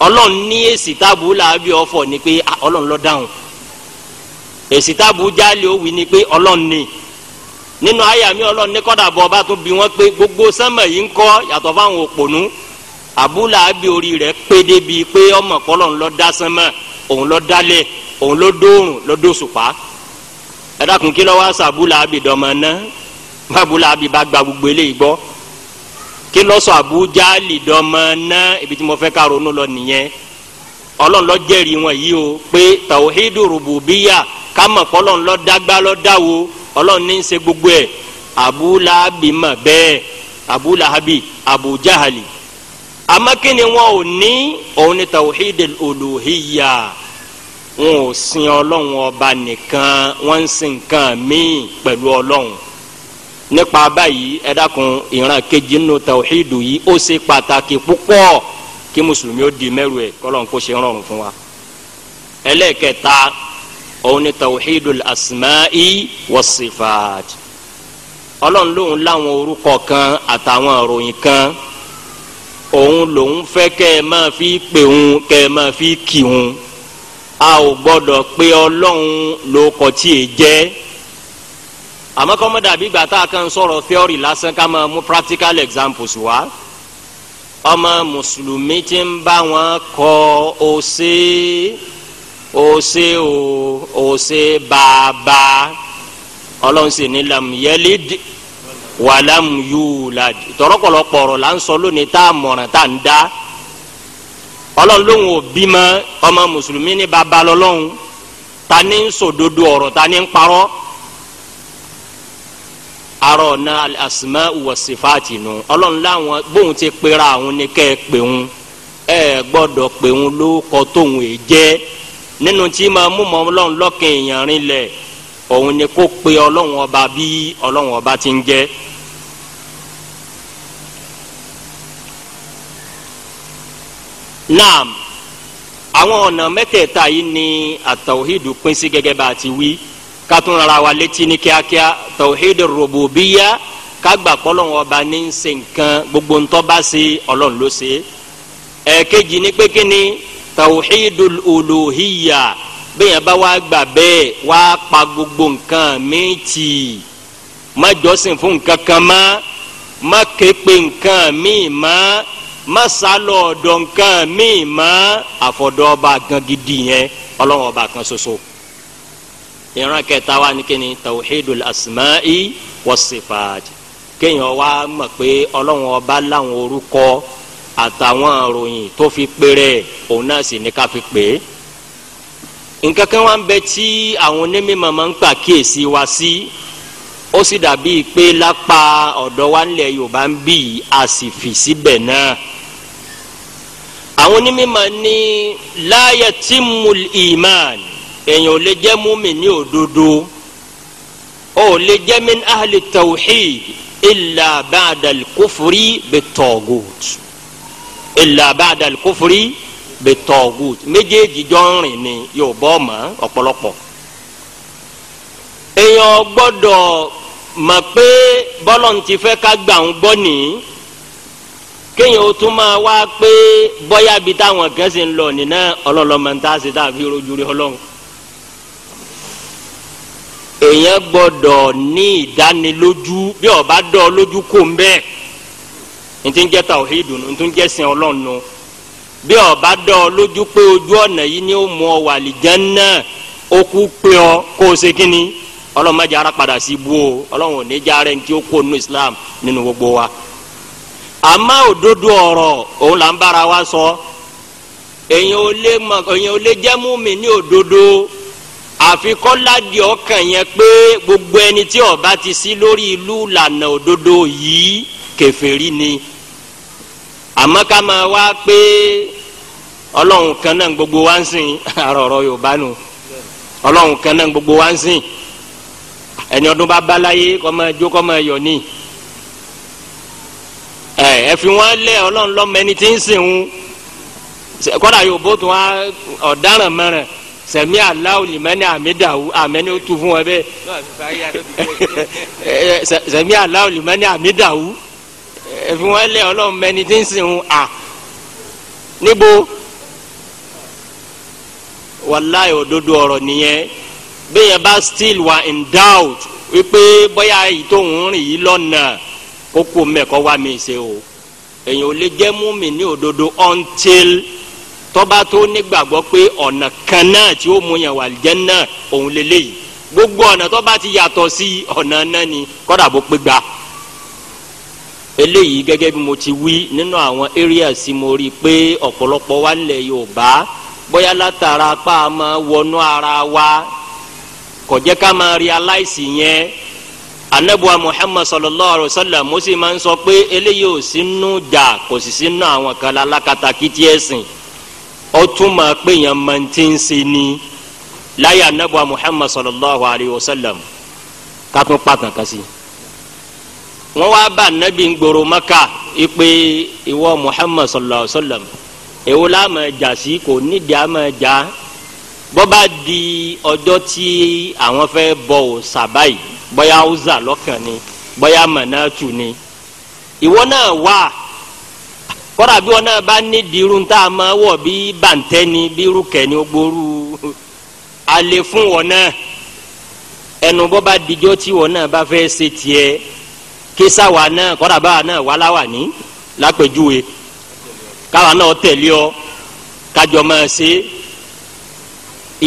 ọlọ́run ní èsì tábù làbí ọ̀fọ̀ ni pé ah, ọlọ́run ló dáhùn èsì tábù jáde òwì ni pé ọlọ́run ni nínú àyà mi ọlọ́run ní kọ́dà bọ̀ ọba tó bi wọ́n pé gbogbo sẹ́mọ̀ yìí ń kọ́ yàtọ̀ fáwọn òpònú àbúlà àbí orí rẹ̀ pé débi pé ọmọ kọ́lọ́run ló dá sẹ́mọ̀ òun ló dálẹ̀ òun ló dóorùn ló dóṣùpá ẹ dákun kí lọ́wọ́ àṣà àbúlà àbí dọ́mọ náà bábúlà àbí bá gba gbogbo eléyìí gbọ́ kí lọ́sọ̀ àbújá lìdọ́mọ náà ibi tí mo fẹ́ ká ronú lọ nìyẹn ọlọ́run ló jẹ́rìí wọn yìí o pé tawhidu rububiya kámọ̀ kọ́lọ́run ló dágbá ló dáwo ọlọ́run ní í ṣe gbogbo ẹ̀ abúláàbí mọ̀ bẹ́ẹ̀ abúláàbí abújáhàlì àmọ́ kí ni wọn ò ní òun ni tawhidul uluhiyya wọn ò sin ọlọ́run ọba nìkan wọ́n ń sin nǹkan míì pẹ̀lú ọlọ́run nípa báyìí ẹ dákun ìran kejì nínú tawhidu yìí ó ṣe pàtàkì púpọ̀ kí mùsùlùmí ó di mẹ́rù ẹ̀ kọ́lọ́n kó ṣe rọrùn fún wa. ẹlẹ́ẹ̀kẹta òun ni tawhidul asma'i wasifat ọlọ́run lòun láwọn orúkọ kan àtàwọn ìròyìn kan òun lòun fẹ́ kẹ́ ẹ máa fi pè òun kẹ́ ẹ máa fi kì òun a ò gbọ́dọ̀ pé ọlọ́run ló kọ́ tí ì jẹ́ àmọ́ kọ́ mọ́ dàbí ìgbà tá a kan sọ̀rọ̀ theory lásán ká máa mú practical examples wá ọmọ mùsùlùmí ti ń bá wọn kọ ose ose o ose bàbá ọlọ́run sì ní lam yẹlid wàlám yúlad tọ̀rọ̀pọ̀lọpọ̀ ọ̀rọ̀ là ń sọ lónìí tá a mọ̀ràn tá a ń dá ọlọ́run lóhùn ò bímọ ọmọ mùsùlùmí ní bàbá lọ́lọ́run ta ni ń sòdodo ọ̀rọ̀ ta ni ń parọ́ arọ na alasima wọsifaati nu ọlọ́run láwọn bóun ti pera àwọn ni kẹ́ ẹ pè ń ẹ gbọ́dọ̀ pè ń ló kọ tóun è jẹ́ nínú tí máa mú mọ́ ọlọ́run lọ́kàn èèyàn rin òun ni kó pe ọlọ́run ọba bí ọlọ́run ọba ti ń jẹ́. naam àwọn ọ̀nà mẹ́tẹ̀ẹ̀ta yìí ni àtàwíìdù pín sí gẹ́gẹ́ bá a ti wí ká rara wa leti ni kíákíá tawhid rububiya ká gbà pọ́lọ́wọ́n ọba ní ń ṣe nǹkan gbogbo ńtọ́ bá ṣe ọlọ́run ló ṣe ẹ̀ẹ́kejì ní pé kíni tawhid uluhiya bẹ́ẹ̀ bá wá gbà bẹ́ẹ̀ wá pa gbogbo nǹkan méjì má jọ́sìn fún nǹkan kan mọ́ má ké pe míì mọ́ má sálọ ọ̀dọ̀ míì mọ́ àfọ̀dọ̀ ọba gan gidi yẹn kan ṣoṣo. -so ìran kẹta wa ni kíni tawhidul asma'i wasifat kéèyàn wá mọ̀ pé ọlọ́run ọba láwọn orúkọ àtàwọn òròyìn tó fi péré òun náà sì ní ká fi pè é nǹkan kan wá ń bẹ tí àwọn onímọ̀ máa ń pàkíyèsí wa sí ó sì dàbí pé lápá ọ̀dọ̀ wa ńlẹ̀ yorùbá ń bì a sì fì síbẹ̀ náà àwọn onímọ̀ ní la yatimul iman èèyàn ò lè jẹ́ múmi ní òdodo ó lè jẹ́ min ahli tawhid illa ba'dal kufri bit-taghut illa ba'dal kufri bit-taghut méjèèjì jọ ni yóò bọ́ ọmọ ọ̀pọ̀lọpọ̀ èèyàn gbọ́dọ̀ mọ̀ pé bọ́lọ́ntì fẹ́ ká gbà ń gbọ́ nìyí kéèyàn ó tún máa wá pé bọ́yá bíi táwọn kan ń lọ nínú ọlọ́lọ́mọ tá a ọlọ́run èèyàn gbọ́dọ̀ ní ìdánilójú bí ọba dọ lójú kò ń bẹ ntí ń jẹ tawhidu ntí ń jẹ sin Ọlọ́run nu bí ọba dọ lójú pé ojú ọ̀nà yìí ni ó mú ọ wà lìjánná ó kú pé ọ kó o ṣe kínní Ọlọ́run mẹ́jọ ara padà sí ibú o Ọlọ́run ò ní já rẹ ntí ó kó nu Islam nínú gbogbo wa àmọ́ òdodo ọ̀rọ̀ òun là ń bára wa sọ èèyàn ò lè jẹ́ mú mi ní òdodo. àfikọ́ ládìí ọkàn yẹn pé gbogbo ẹni tí ọba ti sí lórí ìlú lànà òdodo yìí kèfèrí ni àmọ́ ká máa wá pé ọlọ́run kan náà gbogbo wa ń sìn àrò yorùbá nù ọlọ́run kan náà gbogbo wa ń sìn ẹni ọdún bá balaye kọ́ máa jó kọ́ ni ẹ ẹ fi wọn lẹ ọlọ́run lọ́mọ ẹni tí ń sìn ń kọ́dà yorùbá tó wá ọ̀daràn mẹ́rin sẹmi alahu limani amidahu amẹni o tu fún wa bẹ sẹmi alahu limani amidahu ẹfin wa lẹ Ọlọ́run mẹni tí ń sìn a níbo wàláyé òdodo ọ̀rọ̀ nìyẹn bẹ́ẹ̀ bá still wà in doubt wípé bóyá èyí tó ń rìn yìí lọ́nà kókó mẹ́kọ́ wá mi ṣe o èyàn ò lè jẹ́ mú mi ní òdodo until tọ́ba tó nígbàgbọ́ pé ọ̀nà kan náà tí ó mú yàn wà Aljanna òun lélẹ́yìí gbogbo ọ̀nà tọ́ba ti yàtọ̀ sí ọ̀nà náà ni kọ́dà bó pé gba eléyìí gẹ́gẹ́ bí mo ti wí nínú àwọn areas tí mo rí i pé ọ̀pọ̀lọpọ̀ wa nílẹ̀ Yorùbá bóyá látara apá àmọ́ wọnú ara wa kò ká máa realize yẹn anabuwa muhammad sallallahu alaihi wa sallam mo sì máa ń sọ pé eléyìí ò sínú jà kò sì sínú àwọn kan lálákatakí tí ọtún máa pé yàn máa ti ń ṣe ní láyé anabu muhammad sallallahu alayhi wa sallam kátó pàtàn kasi wọn wá bá anabi ngboro maka ipe iwọ muhammad sallallahu alayhi wa sallam èwo la máa jà sí kò nídìí a máa jà bọ́ba di ọjọ́ tí àwọn fẹ́ bọ̀ ọ́ sàbáyì bọ́yá ọ̀zà lọ́kàn ni bọ́yá mọ̀nàtù ni ìwọ náà wà. kọ́ra bí wọn náà bá ní dirun tá a máa wọ̀ bí bàǹtẹ́ ni bí rúkẹ̀ ni ó gbóru alẹ́ fún wọn náà ẹnu bọ́ bá dijọ́ tí wọn náà bá fẹ́ ṣe tiẹ̀ kísà wà náà kọ́ra bá wà náà wà láwà ní lápẹ̀júwe káwa náà tẹ̀lé ọ kájọ máa ṣe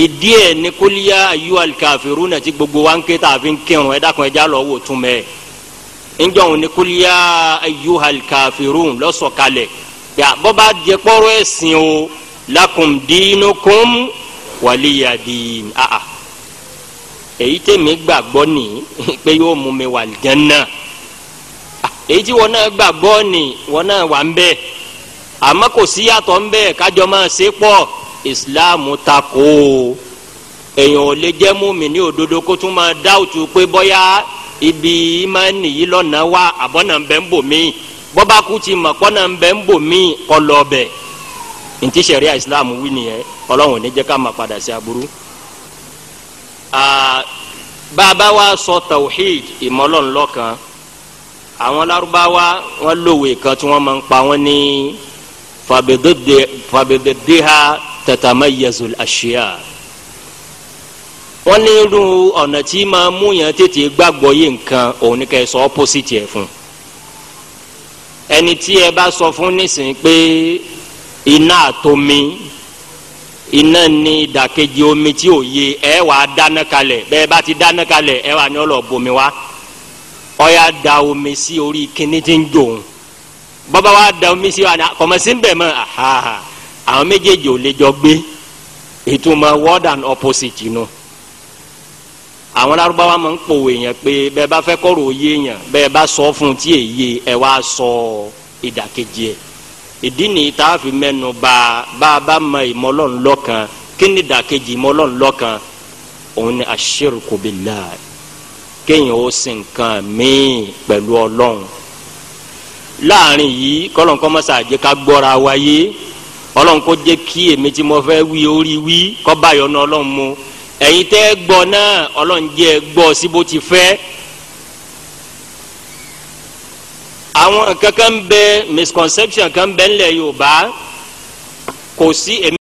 ìdí ẹ̀ ní kólíyà ayú alikàfẹ́rù náà tí gbogbo wa ń ké tá kírun ẹ̀ dákun ẹ̀ já lọ wò tún mẹ́ẹ̀ ńjọ́ òun ni kúlíyà ayyuhal kafirun lọ́sọ̀kalẹ̀ yà bọ́ba jẹ kpọ́rọ́ ẹ̀sìn o lakum dinukum waliyadin aa èyí tèmi gbàgbọ́ ni pé yóò mú mi wà Janna èyí tí wọn náà gbàgbọ́ ni wọn náà wà ń bẹ àmọ́ kò sí yàtọ̀ ń bẹ kájọ máa ṣe pọ̀ Islam ta kó o èèyàn ò lè jẹ́ mú mi ní òdodo kó tún máa dáwùtú pé bọ́yá ibi ìmánì yìí lọ́nà wa àbọ̀nà ń bẹ ń bò mí bọ́bá kú ti mọ̀ pọ́nà ń bẹ ń bò mí kọ́ lọ bẹ̀ ntí sẹ̀ríà islam wí nìyẹn ọlọ́run ò ní jẹ́ ká máa padà sí aburú. bàbá wa sọ tawhid ìmọ̀lọ́nlọ́kan àwọn lárúbáwá wọn lòwe kan tí wọ́n máa ń pa wọ́n ní fàbẹ̀dẹ̀dẹ̀ ha tatamayazul ashiya wọ́n ní irú ọ̀nà tí máa mú yàn tètè gbàgbọ́ yé nǹkan òun ni kẹ́ ẹ sọ opposite ẹ̀ fún ẹni tí ẹ bá sọ fún nísìnyí pé iná àtomi iná ní ìdàkejì omi tí ò yé ẹ wà á dáná kalẹ̀ bẹ́ẹ̀ bá ti dáná kalẹ̀ ẹ wà ní ọlọ́ bomi wá ọ̀ya da omi sí orí kíní tí ń jòun bọ́bá wa da omi sí kọ̀mọ̀sí ń bẹ̀ mọ́ àwọn méjèèjì ò lè jọ gbé ìtumọ̀ word and opposite you know àwọn Lárúbáwá máa ń pòwe yẹn pé bẹ́ẹ̀ bá fẹ́ kọ́rọ̀ òye yẹn bẹ́ẹ̀ bá sọ fún tí èyí ẹ wá sọ ìdàkejì ẹ̀ ìdí nìyí tá a fi mẹ́nu bà bá a bá mọ ìmọ̀lọ́n lọ́kan kí ni ìdàkejì ìmọ̀lọ́n lọ́kan òun ni aṣirku billah kéèyàn ó sin nǹkan míì pẹ̀lú ọlọ́run láàrin yìí kọ́lọ́n kọ́ mọ́sá ká gbọ́ra wáyé ọlọ́run kó jẹ́ kí èmi tí mo fẹ́ wí orí wí kọ́ báyọ̀ náà ẹ̀yin tẹ́ gbọ́ náà ọlọ́njẹ́ gbọ́ sí bó ti fẹ́. àwọn kankan bẹ misconception kan bẹ ńlẹ̀ yorùbá kò sí èmi.